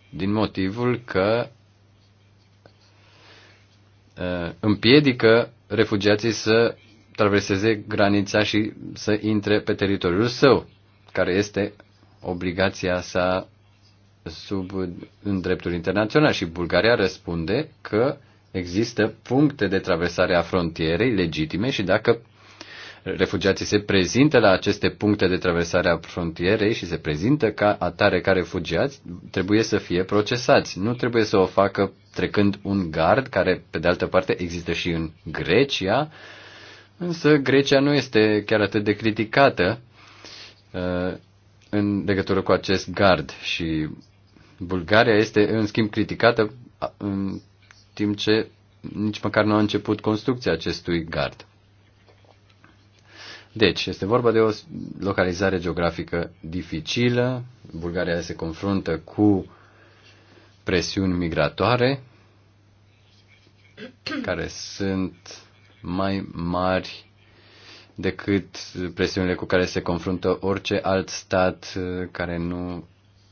din motivul că Uh, împiedică refugiații să traverseze granița și să intre pe teritoriul său, care este obligația sa sub în dreptul internațional și Bulgaria răspunde că există puncte de traversare a frontierei legitime și dacă refugiații se prezintă la aceste puncte de traversare a frontierei și se prezintă ca atare ca refugiați, trebuie să fie procesați. Nu trebuie să o facă trecând un gard, care pe de altă parte există și în Grecia, însă Grecia nu este chiar atât de criticată uh, în legătură cu acest gard și Bulgaria este în schimb criticată uh, în timp ce nici măcar nu a început construcția acestui gard. Deci, este vorba de o localizare geografică dificilă. Bulgaria se confruntă cu presiuni migratoare care sunt mai mari decât presiunile cu care se confruntă orice alt stat uh, care nu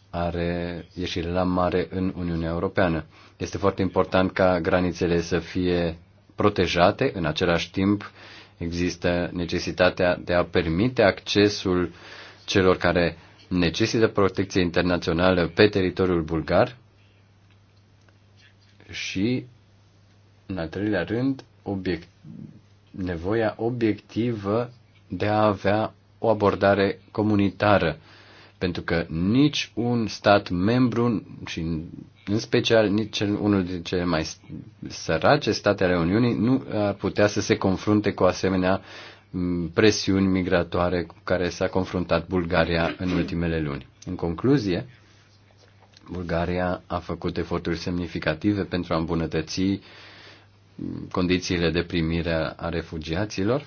are ieșire la mare în Uniunea Europeană. Este foarte important ca granițele să fie protejate, în același timp Există necesitatea de a permite accesul celor care necesită protecție internațională pe teritoriul bulgar și, în al treilea rând, obiect, nevoia obiectivă de a avea o abordare comunitară, pentru că nici un stat membru și în special, nici cel, unul dintre cele mai sărace state ale Uniunii nu ar putea să se confrunte cu asemenea presiuni migratoare cu care s-a confruntat Bulgaria în ultimele luni. În concluzie, Bulgaria a făcut eforturi semnificative pentru a îmbunătăți condițiile de primire a refugiaților.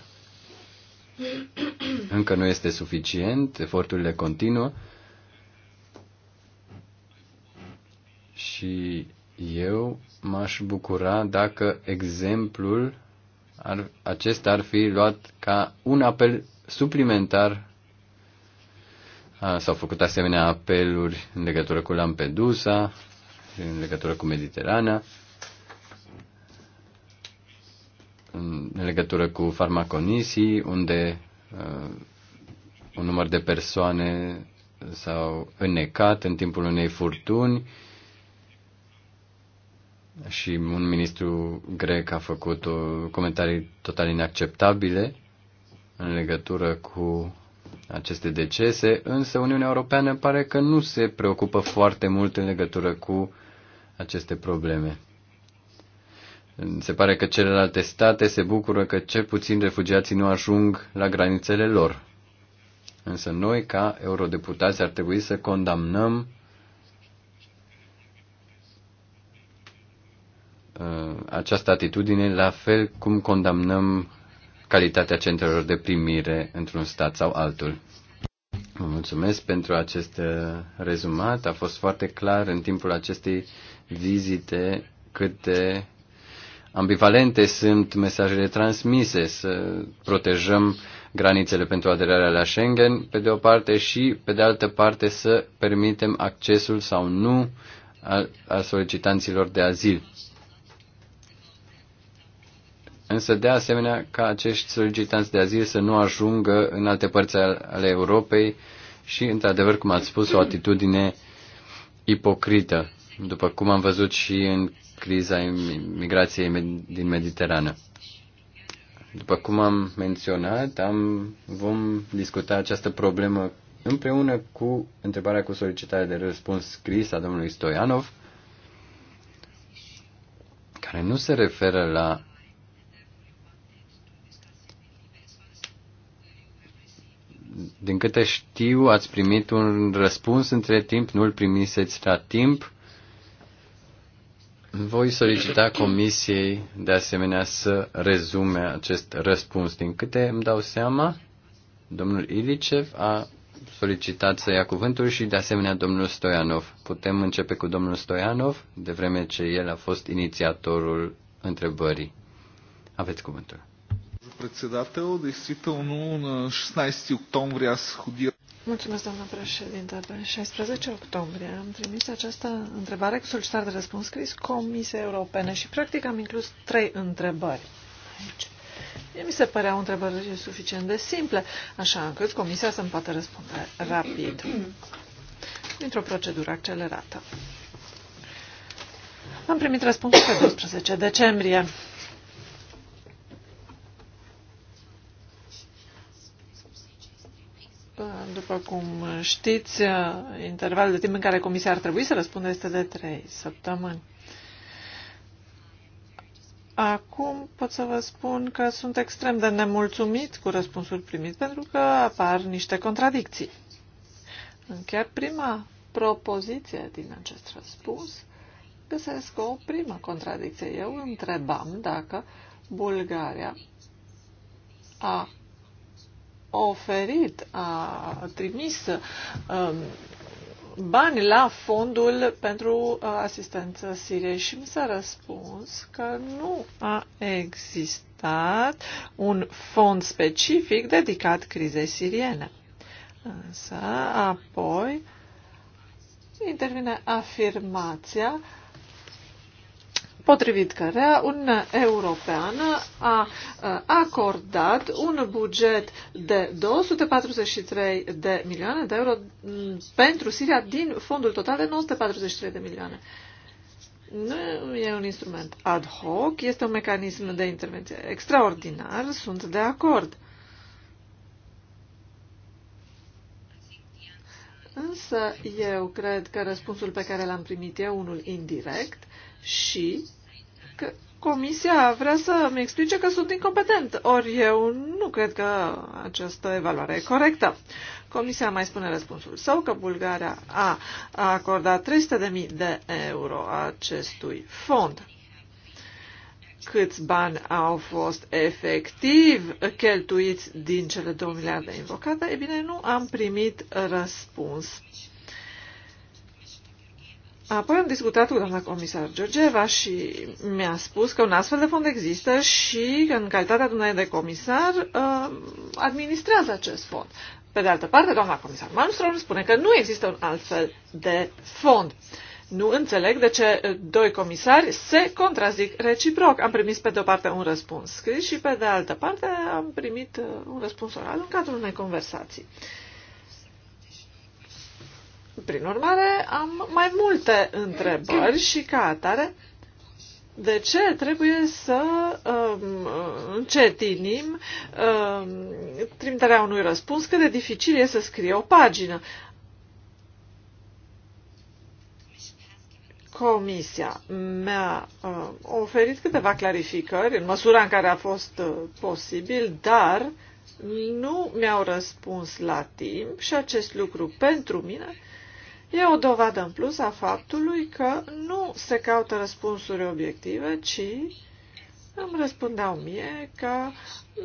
Încă nu este suficient, eforturile continuă Și eu m-aș bucura dacă exemplul ar, acesta ar fi luat ca un apel suplimentar. S-au făcut asemenea apeluri în legătură cu Lampedusa și în legătură cu Mediterana, în legătură cu farmaconisii, unde uh, un număr de persoane s-au înnecat în timpul unei furtuni, uh, și un ministru grec a făcut comentarii total inacceptabile în legătură cu aceste decese, însă Uniunea Europeană pare că nu se preocupă foarte mult în legătură cu aceste probleme. Se pare că celelalte state se bucură că cel puțin refugiații nu ajung la granițele lor. Însă noi, ca eurodeputați, ar trebui să condamnăm Uh, această atitudine, la fel cum condamnăm calitatea centrelor de primire într-un stat sau altul. Vă mulțumesc pentru acest uh, rezumat. A fost foarte clar în timpul acestei vizite cât de ambivalente sunt mesajele transmise să protejăm granițele pentru aderarea la Schengen, pe de o parte, și pe de altă parte să permitem accesul sau nu al, al solicitanților de azil însă de asemenea ca acești solicitanți de azil să nu ajungă în alte părți ale Europei și, într-adevăr, cum ați spus, o atitudine ipocrită, după cum am văzut și în criza migrației din Mediterană. După cum am menționat, am, vom discuta această problemă împreună cu întrebarea cu solicitare de răspuns scris a domnului Stoianov, care nu se referă la din câte știu, ați primit un răspuns între timp, nu-l primiseți la timp. Voi solicita comisiei, de asemenea, să rezume acest răspuns. Din câte îmi dau seama, domnul Ilicev a solicitat să ia cuvântul și, de asemenea, domnul Stoianov. Putem începe cu domnul Stoianov, de vreme ce el a fost inițiatorul întrebării. Aveți cuvântul председател. Действително на 16 октомври аз ходих. Mulțumesc, doamnă președinte. Pe 16 octombrie am trimis această întrebare cu solicitare de răspuns scris Comisiei Europene și practic am inclus trei întrebări aici. Mie mi se păreau întrebări suficient de simple, așa încât Comisia să-mi poată răspunde rapid, dintr-o procedură accelerată. Am primit răspunsul pe 12 decembrie. După cum știți, intervalul de timp în care comisia ar trebui să răspundă este de 3 săptămâni. Acum pot să vă spun că sunt extrem de nemulțumit cu răspunsul primit, pentru că apar niște contradicții. În chiar prima propoziție din acest răspuns, găsesc o primă contradicție. Eu întrebam dacă Bulgaria a oferit, a trimis um, bani la fondul pentru uh, asistență Siriei și mi s-a răspuns că nu a existat un fond specific dedicat crizei siriene. Însă, apoi, intervine afirmația potrivit cărea Uniunea Europeană a acordat un buget de 243 de milioane de euro pentru Siria din fondul total de 943 de milioane. Nu e un instrument ad hoc, este un mecanism de intervenție extraordinar, sunt de acord. Însă eu cred că răspunsul pe care l-am primit e unul indirect și că comisia vrea să-mi explice că sunt incompetent, ori eu nu cred că această evaluare e corectă. Comisia mai spune răspunsul său că Bulgaria a acordat 300.000 de euro acestui fond. Câți bani au fost efectiv cheltuiți din cele 2 miliarde invocate? E bine, nu am primit răspuns Apoi am discutat cu doamna comisar Georgeva și mi-a spus că un astfel de fond există și că în calitatea dumneavoastră de comisar uh, administrează acest fond. Pe de altă parte, doamna comisar Malmström spune că nu există un alt fel de fond. Nu înțeleg de ce uh, doi comisari se contrazic reciproc. Am primit pe de o parte un răspuns scris și pe de altă parte am primit uh, un răspuns oral în cadrul unei conversații. Uh, prin urmare, am mai multe întrebări și ca atare, de ce trebuie să um, încetinim um, trimiterea unui răspuns, cât de dificil e să scrie o pagină. Comisia mi-a uh, oferit câteva clarificări în măsura în care a fost uh, posibil, dar nu mi-au răspuns la timp și acest lucru pentru mine uh, E o dovadă în plus a faptului că nu se caută răspunsuri obiective, ci îmi răspundeau mie ca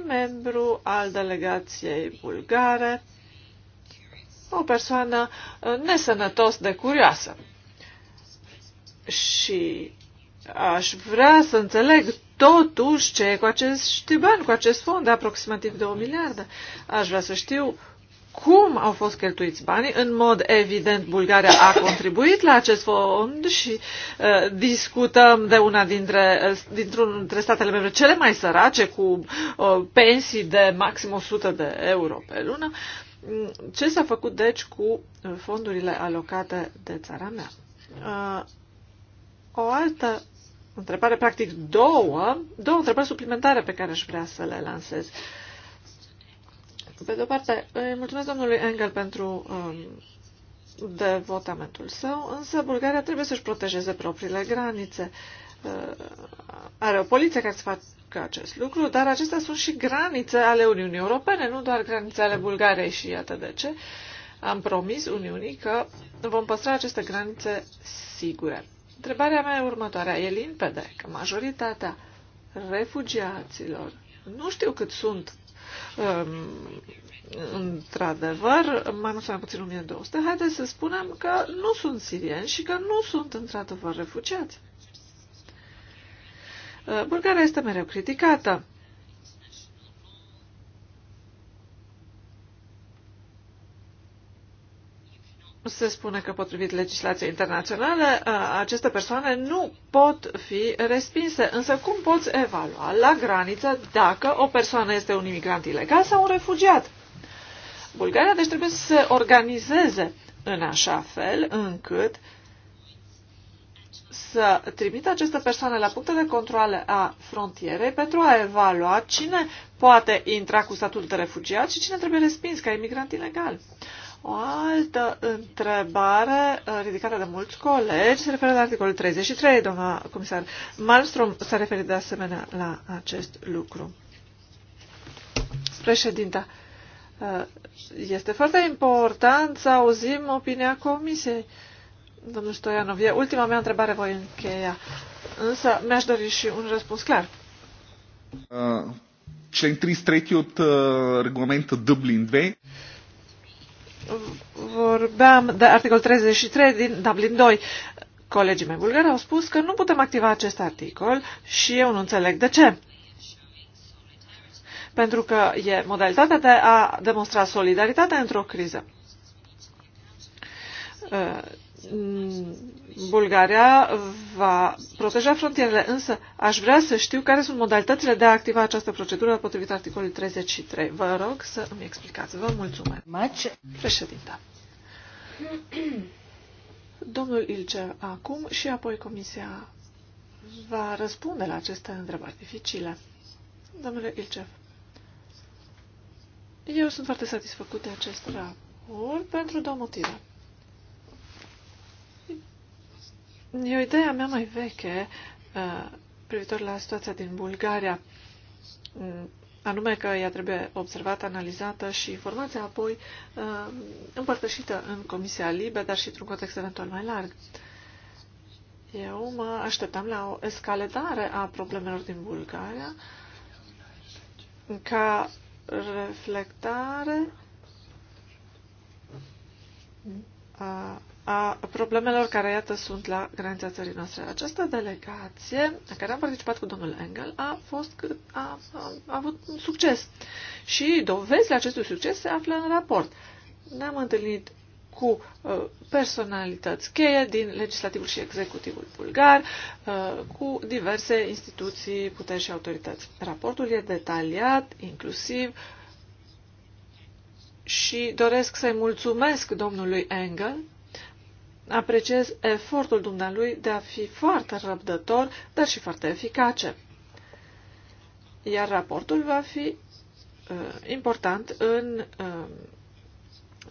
membru al delegației bulgare, o persoană uh, nesănătos de curioasă. Și aș vrea să înțeleg totuși ce e cu acești bani, cu acest fond de aproximativ 2 miliarde. Aș vrea să știu cum au fost cheltuiți banii. În mod evident, Bulgaria a contribuit la acest fond și uh, discutăm de una dintre, uh, dintr un dintre statele membre cele mai sărace, cu uh, pensii de maxim 100 de euro pe lună. Mm, ce s-a făcut, deci, cu uh, fondurile alocate de țara mea? Uh, o altă întrebare, practic două, două întrebări suplimentare pe care aș vrea să le lansez. Uh, pe de-o parte, îi mulțumesc domnului Engel pentru um, devotamentul său, însă Bulgaria trebuie să-și protejeze propriile granițe. Uh, are o poliție care să facă acest lucru, dar acestea sunt și granițe ale Uniunii Europene, nu doar granițe ale Bulgariei și iată de ce. Am promis Uniunii că vom păstra aceste granițe sigure. Întrebarea mea e următoarea. E limpede că majoritatea refugiaților, nu știu cât sunt Ehm, într-adevăr, mai mult sau mai puțin 1200, haideți să spunem că nu sunt sirieni și că nu sunt într-adevăr refugiați. Bulgaria este mereu criticată se spune că potrivit legislației internaționale, aceste persoane nu pot fi respinse. Însă cum poți evalua la graniță dacă o persoană este un imigrant ilegal sau un refugiat? Bulgaria deci trebuie să se organizeze în așa fel încât să trimită aceste persoane la puncte de control a frontierei pentru a evalua cine poate intra cu statul de refugiat și cine trebuie respins ca imigrant ilegal. Uh, o altă întrebare uh, ridicată de mulți colegi se referă la articolul 33, doamna comisar Malmström s-a referit de asemenea la acest lucru. Președinta, uh, este foarte important să auzim opinia comisiei. Domnul Stoianov, e ultima mea întrebare, voi încheia. Însă mi-aș dori și un răspuns clar. Uh, Cel 33 от uh, regulament Dublin 2 vorbeam de articol 33 din Dublin 2. Colegii mei bulgari au spus că nu putem activa acest articol și eu nu înțeleg de ce. Pentru că e modalitatea de a demonstra solidaritate într-o criză Mm, Bulgaria va proteja frontierele, însă aș vrea să știu care sunt modalitățile de a activa această procedură potrivit articolului 33. Vă rog să îmi explicați. Vă mulțumesc. Maci. Președinta. Domnul Ilce acum și apoi Comisia va răspunde la aceste întrebări dificile. Domnule Ilce, eu sunt foarte satisfăcut de acest raport pentru două motive. E o idee a mea mai veche uh, privitor la situația din Bulgaria, mm, anume că ea trebuie observată, analizată și informația apoi uh, împărtășită în Comisia Libe, dar și într-un context eventual mai larg. Eu mă așteptam la o escaledare a problemelor din Bulgaria ca reflectare a a problemelor care, iată, sunt la granița țării noastre. Această delegație, la care am participat cu domnul Engel, a, fost, a, a, a avut un succes. Și dovezile acestui succes se află în raport. Ne-am întâlnit cu uh, personalități cheie din legislativul și executivul bulgar, uh, cu diverse instituții, puteri și autorități. Raportul e detaliat, inclusiv și doresc să-i mulțumesc domnului Engel Apreciez efortul dumnealui de a fi foarte răbdător, dar și foarte eficace. Iar raportul va fi uh, important în uh,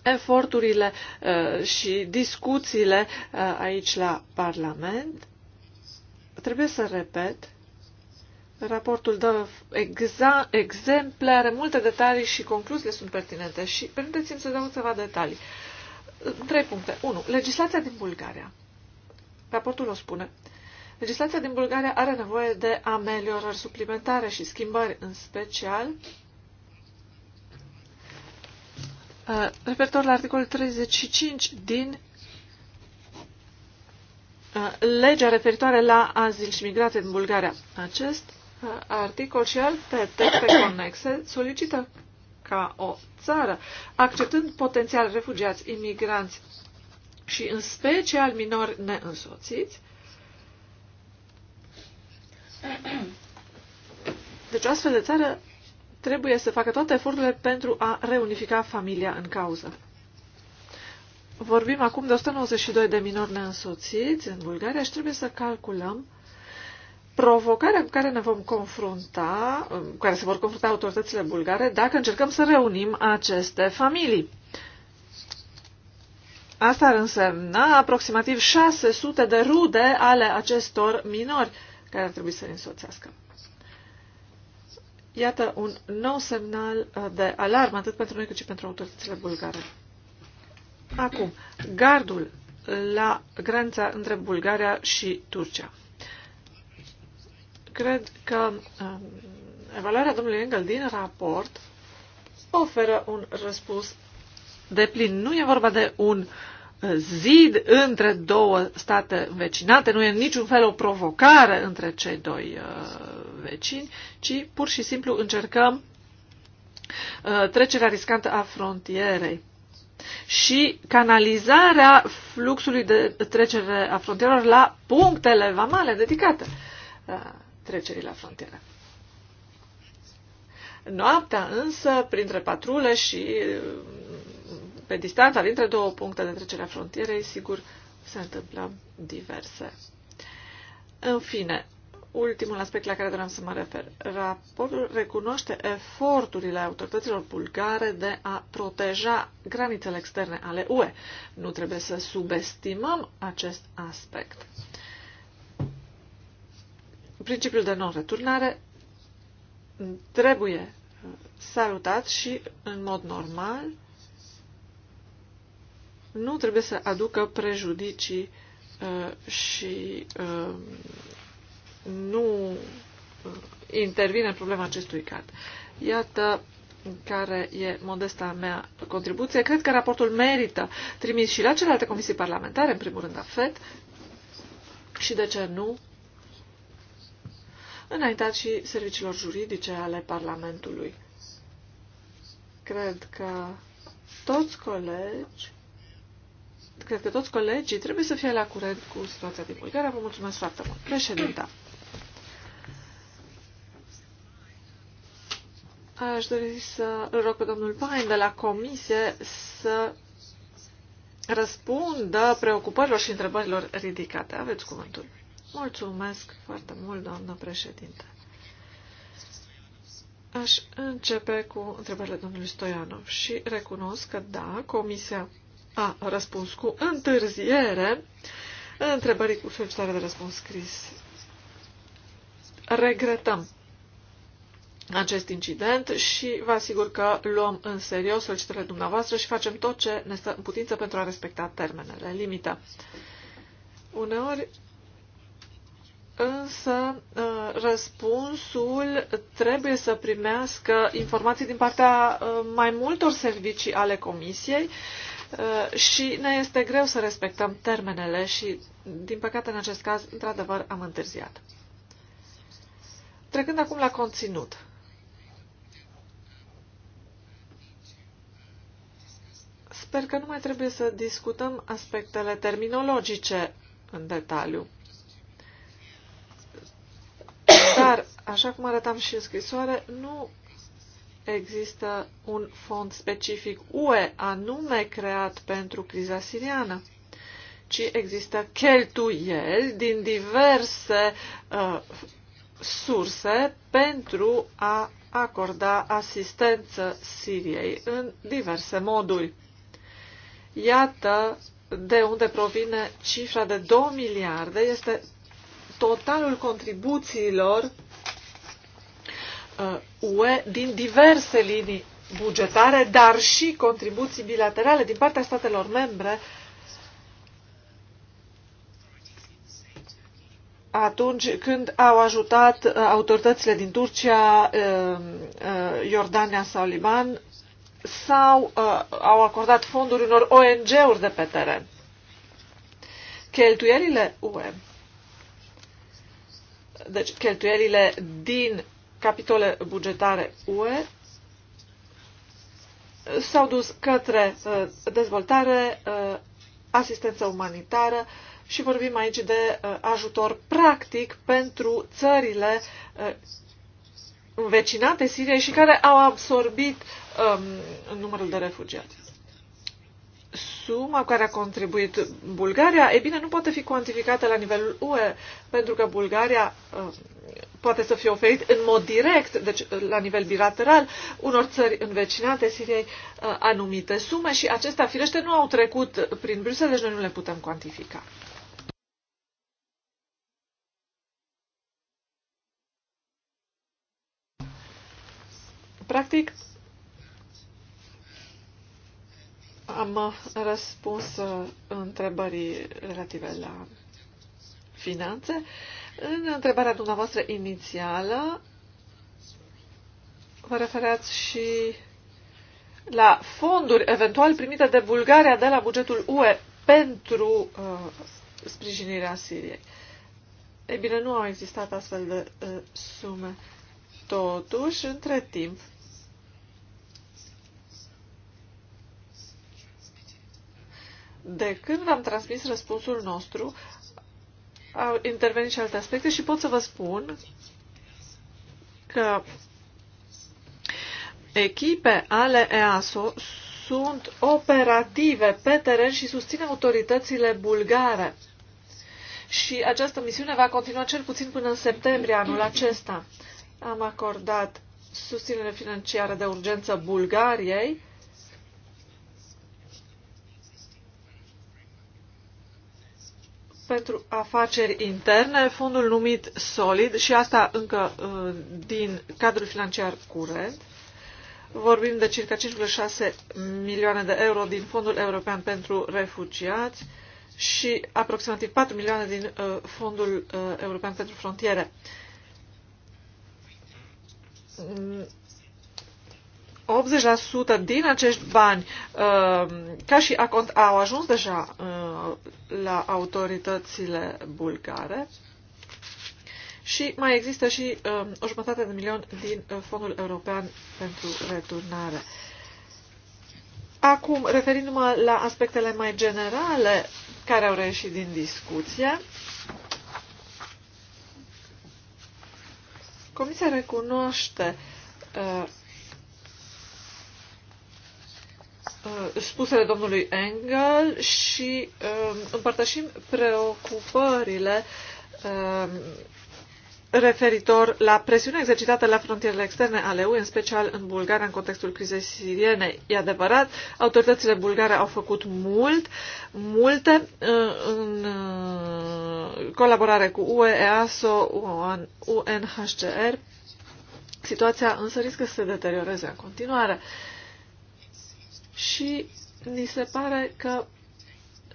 eforturile uh, și discuțiile uh, aici la Parlament. Trebuie să repet, raportul dă exa- exemple, are multe detalii și concluziile sunt pertinente și permiteți-mi să dau câteva detalii. Uh, Trei puncte. 1. Legislația din Bulgaria. Raportul o spune. Legislația din Bulgaria are nevoie de ameliorări suplimentare și schimbări, în special uh, referitor la articolul 35 din uh, legea referitoare la azil și migrație din Bulgaria. Acest uh, articol și alte texte conexe solicită ca o țară, acceptând potențial refugiați, imigranți și în special minori neînsoțiți. Deci o astfel de țară trebuie să facă toate eforturile pentru a reunifica familia în cauză. Vorbim acum de 192 de minori neînsoțiți în Bulgaria și trebuie să calculăm provocarea cu care ne vom confrunta, cu care se vor confrunta autoritățile bulgare, dacă încercăm să reunim aceste familii. Asta ar însemna aproximativ 600 de rude ale acestor minori care ar trebui să-i însoțească. Iată un nou semnal uh, de alarmă, atât pentru noi cât și pentru autoritățile bulgare. Acum, gardul la granița între Bulgaria și Turcia cred că um, evaluarea domnului Engel din raport oferă un răspuns de plin. Nu e vorba de un uh, zid între două state vecinate, nu e în niciun fel o provocare între cei doi uh, vecini, ci pur și simplu încercăm uh, trecerea riscantă a frontierei și canalizarea fluxului de trecere a frontierelor la punctele vamale dedicate. Uh, trecerii la frontieră. Noaptea însă, printre patrule și pe distanța dintre două puncte de trecere a frontierei, sigur, se întâmplă diverse. În fine, ultimul aspect la care doream să mă refer. Raportul recunoaște eforturile autorităților bulgare de a proteja granițele externe ale UE. Nu trebuie să subestimăm acest aspect principiul de non-returnare trebuie uh, salutat și, în mod normal, nu trebuie să aducă prejudicii uh, și uh, nu uh, intervine în problema acestui cad. Iată care e modesta mea contribuție. Cred că raportul merită trimis și la celelalte comisii parlamentare, în primul rând a FED, și de ce nu înaintat și serviciilor juridice ale Parlamentului. Cred că toți colegi cred că toți colegii trebuie să fie la curent cu situația din Bulgaria. Vă mulțumesc foarte mult. Președinta. Aș dori să îl rog pe domnul Pain de la comisie să răspundă preocupărilor și întrebărilor ridicate. Aveți cuvântul. Mulțumesc foarte mult, doamnă președinte. Aș începe cu întrebările domnului Stoianov și recunosc că, da, Comisia a răspuns cu întârziere întrebării cu solicitare de răspuns scris. Regretăm acest incident și vă asigur că luăm în serios solicitările dumneavoastră și facem tot ce ne stă în putință pentru a respecta termenele limită. Uneori însă uh, răspunsul trebuie să primească informații din partea uh, mai multor servicii ale Comisiei uh, și ne este greu să respectăm termenele și, din păcate, în acest caz, într-adevăr, am întârziat. Trecând acum la conținut. Sper că nu mai trebuie să discutăm aspectele terminologice în detaliu. Așa cum arătam și în scrisoare, nu există un fond specific UE anume creat pentru criza siriană, ci există cheltuieli din diverse uh, surse pentru a acorda asistență Siriei în diverse moduri. Iată de unde provine cifra de 2 miliarde, este totalul contribuțiilor UE uh, din diverse linii bugetare, dar și contribuții bilaterale din partea statelor membre atunci când au ajutat uh, autoritățile din Turcia, uh, Iordania sau Liban sau au acordat fonduri unor ONG-uri de pe teren. Cheltuielile UE deci cheltuielile din capitole bugetare UE s-au dus către uh, dezvoltare, uh, asistență umanitară și vorbim aici de uh, ajutor practic pentru țările învecinate Siriei și care au absorbit um, numărul de refugiați. Suma care a contribuit Bulgaria, e bine, nu poate fi cuantificată la nivelul UE, pentru că Bulgaria um, poate să fie oferit în mod direct, deci la nivel bilateral, unor țări învecinate Siriei uh, anumite sume și acestea, firește, nu au trecut prin Bruxelles, deci noi nu le putem cuantifica. Practic, am uh, răspuns uh, întrebării relative la finanțe. Uh, în întrebarea dumneavoastră inițială, vă refereați și la fonduri eventual primite de Bulgaria de la bugetul UE pentru uh, sprijinirea Siriei. Ei bine, nu au existat astfel de uh, sume. Totuși, între timp, de când v-am transmis răspunsul nostru, au intervenit și alte aspecte și pot să vă spun că echipe ale EASO sunt operative pe teren și susțin autoritățile bulgare. Și această misiune va continua cel puțin până în septembrie anul acesta. Am acordat susținere financiară de urgență Bulgariei pentru afaceri interne, fondul numit SOLID și asta încă uh, din cadrul financiar curent. Vorbim de circa 5,6 milioane de euro din Fondul European pentru Refugiați și aproximativ 4 milioane din uh, Fondul uh, European pentru Frontiere 80% din acești bani, uh, ca și acont, au ajuns deja uh, la autoritățile bulgare și mai există și uh, o jumătate de milion din Fondul European pentru Returnare. Acum, referindu-mă la aspectele mai generale care au reieșit din discuție, Comisia recunoaște uh, Uh, spusele domnului Engel și um, împărtășim preocupările um, referitor la presiunea exercitată la frontierele externe ale UE, în special în Bulgaria, în contextul crizei siriene. E adevărat, autoritățile bulgare au făcut mult, multe uh, în uh, colaborare cu UE, EASO, UNHCR. Situația însă riscă să se deterioreze în continuare. Uh, și ni se pare că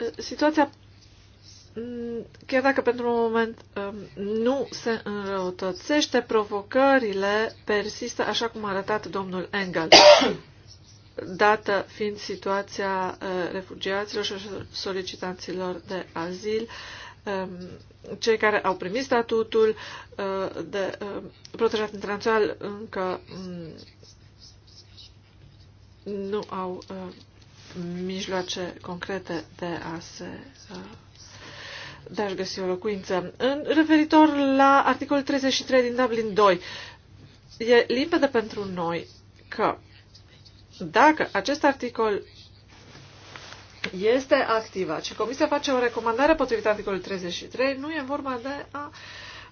uh, situația, mm, chiar dacă pentru un moment um, nu se înrăutățește, provocările persistă așa cum a arătat domnul Engel. dată fiind situația uh, refugiaților și solicitanților de azil, um, cei care au primit statutul uh, de protejat internațional încă mm, nu au uh, mijloace concrete de a se uh, de a-și găsi o locuință. În referitor la articolul 33 din Dublin 2, e limpede pentru noi că dacă acest articol este activat și Comisia face o recomandare potrivit articolului 33, nu e vorba de a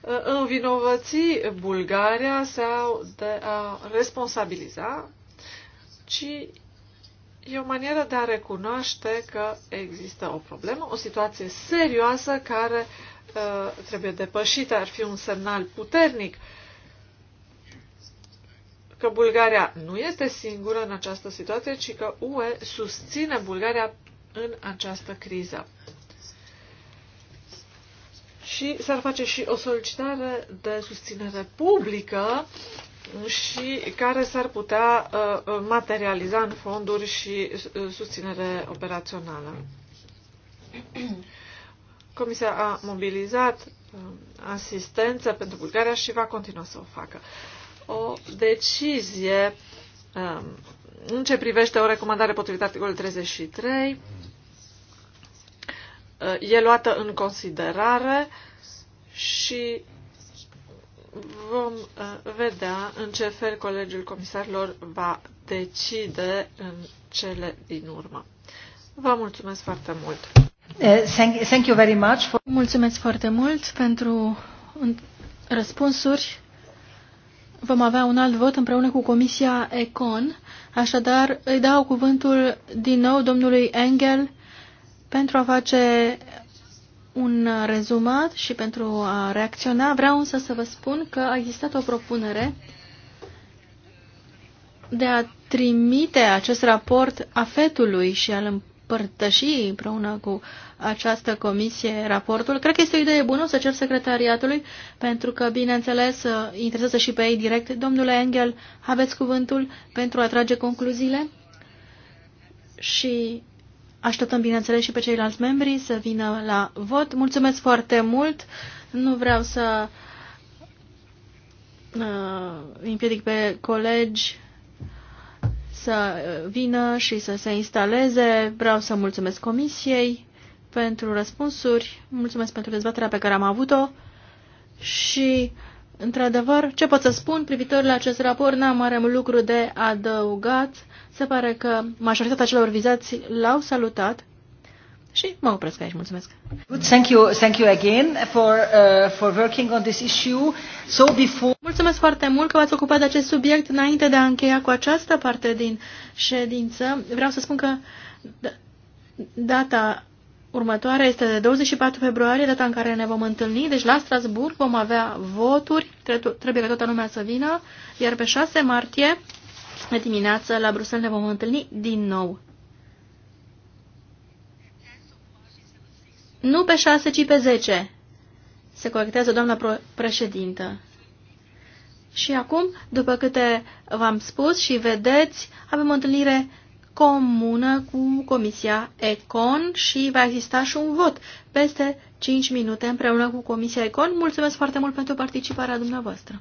uh, învinovăți Bulgaria sau de a responsabiliza ci e o manieră de a recunoaște că există o problemă, o situație serioasă care uh, trebuie depășită. Ar fi un semnal puternic că Bulgaria nu este singură în această situație, ci că UE susține Bulgaria în această criză. Și s-ar face și o solicitare de susținere publică și care s-ar putea uh, uh, materializa în fonduri și uh, susținere operațională. Comisia a mobilizat asistență pentru Bulgaria și va continua să o facă. O decizie um, în ce privește o recomandare potrivit articolului 33 e luată în considerare și vom uh, vedea în ce fel Colegiul Comisarilor va decide în cele din urmă. Vă mulțumesc foarte mult! Uh, thank you very much for... Mulțumesc foarte mult pentru răspunsuri. Vom avea un alt vot împreună cu Comisia Econ, așadar îi dau cuvântul din nou domnului Engel pentru a face un rezumat și pentru a reacționa, vreau însă să vă spun că a existat o propunere de a trimite acest raport afetului și al împărtăși împreună cu această comisie raportul. Cred că este o idee bună o să cer secretariatului, pentru că, bineînțeles, interesează și pe ei direct. Domnule Engel, aveți cuvântul pentru a trage concluziile? Și Așteptăm, bineînțeles, și pe ceilalți membri să vină la vot. Mulțumesc foarte mult! Nu vreau să uh, împiedic pe colegi să vină și să se instaleze. Vreau să mulțumesc comisiei pentru răspunsuri, mulțumesc pentru dezbaterea pe care am avut-o și Într-adevăr, ce pot să spun privitor la acest raport? N-am mare lucru de adăugat. Se pare că majoritatea celor vizați l-au salutat și mă opresc aici. Mulțumesc. Thank you, thank you again for, uh, for working on this issue. So before... Mulțumesc foarte mult că v-ați ocupat de acest subiect. Înainte de a încheia cu această parte din ședință, vreau să spun că data Următoarea este de 24 februarie, data în care ne vom întâlni, deci la Strasburg vom avea voturi, trebuie ca toată lumea să vină, iar pe 6 martie, dimineață, la Bruxelles ne vom întâlni din nou. Nu pe 6, ci pe 10. Se corectează doamna președintă. Și acum, după câte v-am spus și vedeți, avem o întâlnire comună cu Comisia Econ și va exista și un vot peste 5 minute împreună cu Comisia Econ. Mulțumesc foarte mult pentru participarea dumneavoastră.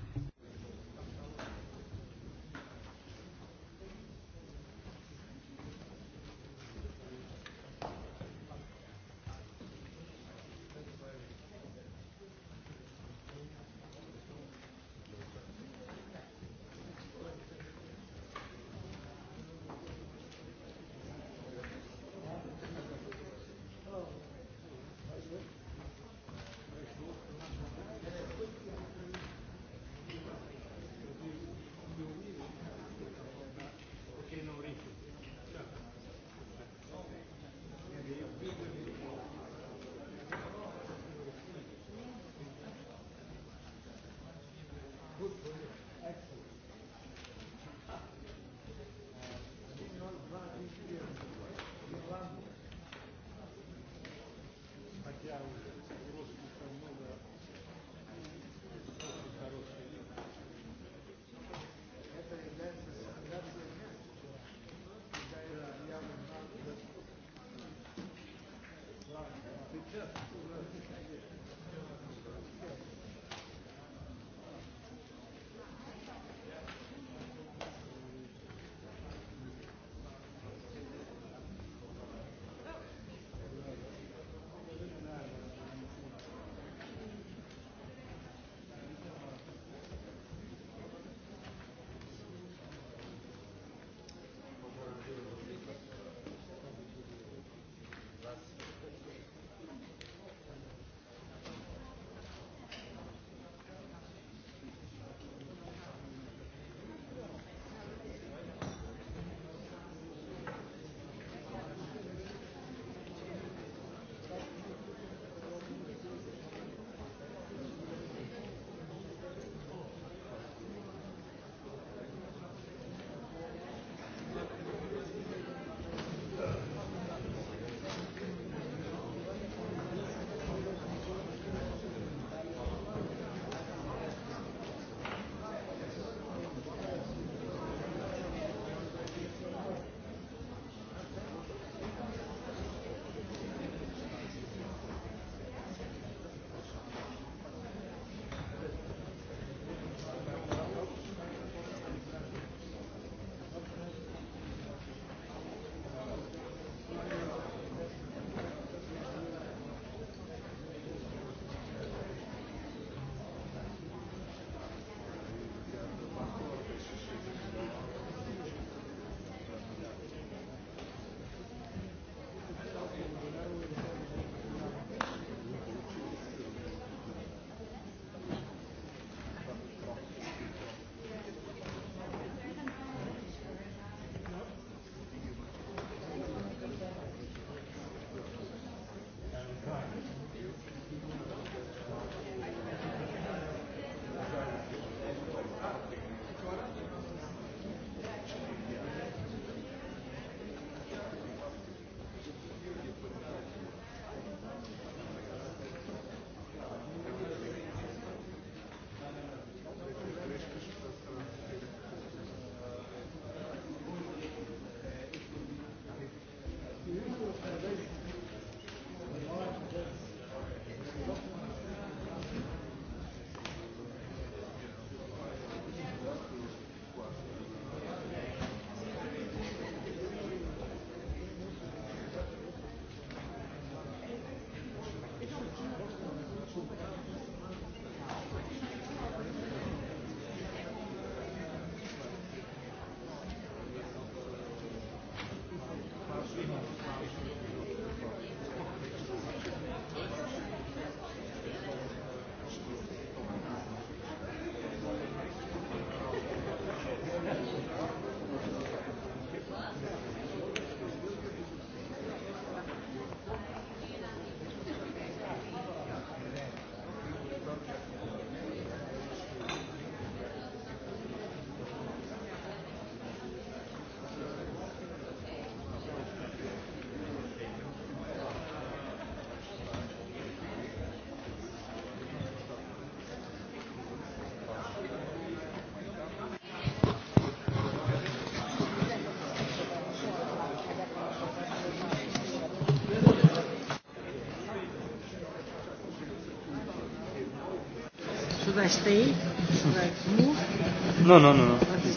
Nu, I stay? Should I move? No, no, no, no. What is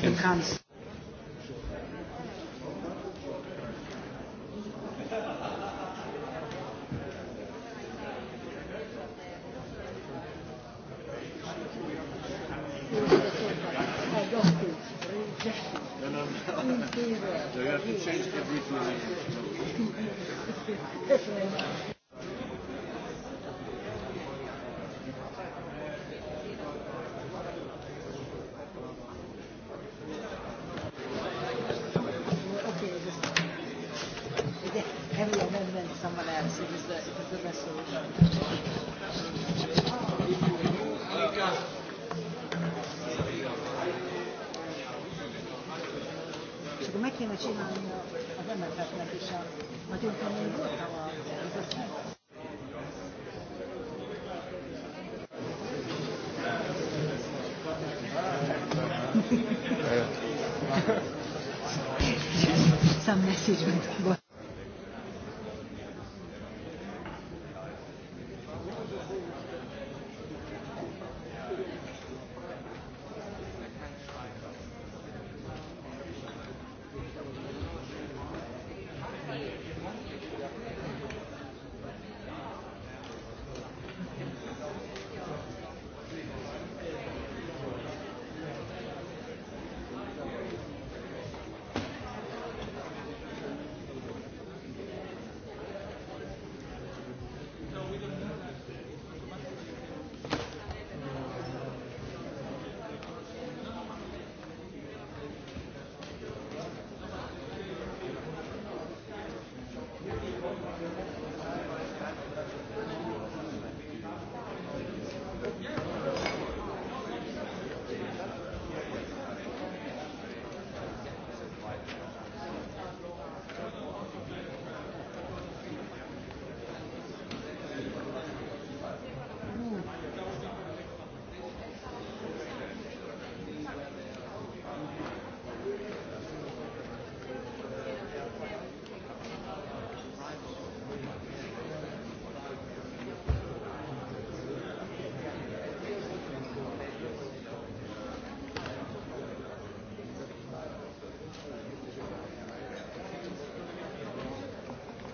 the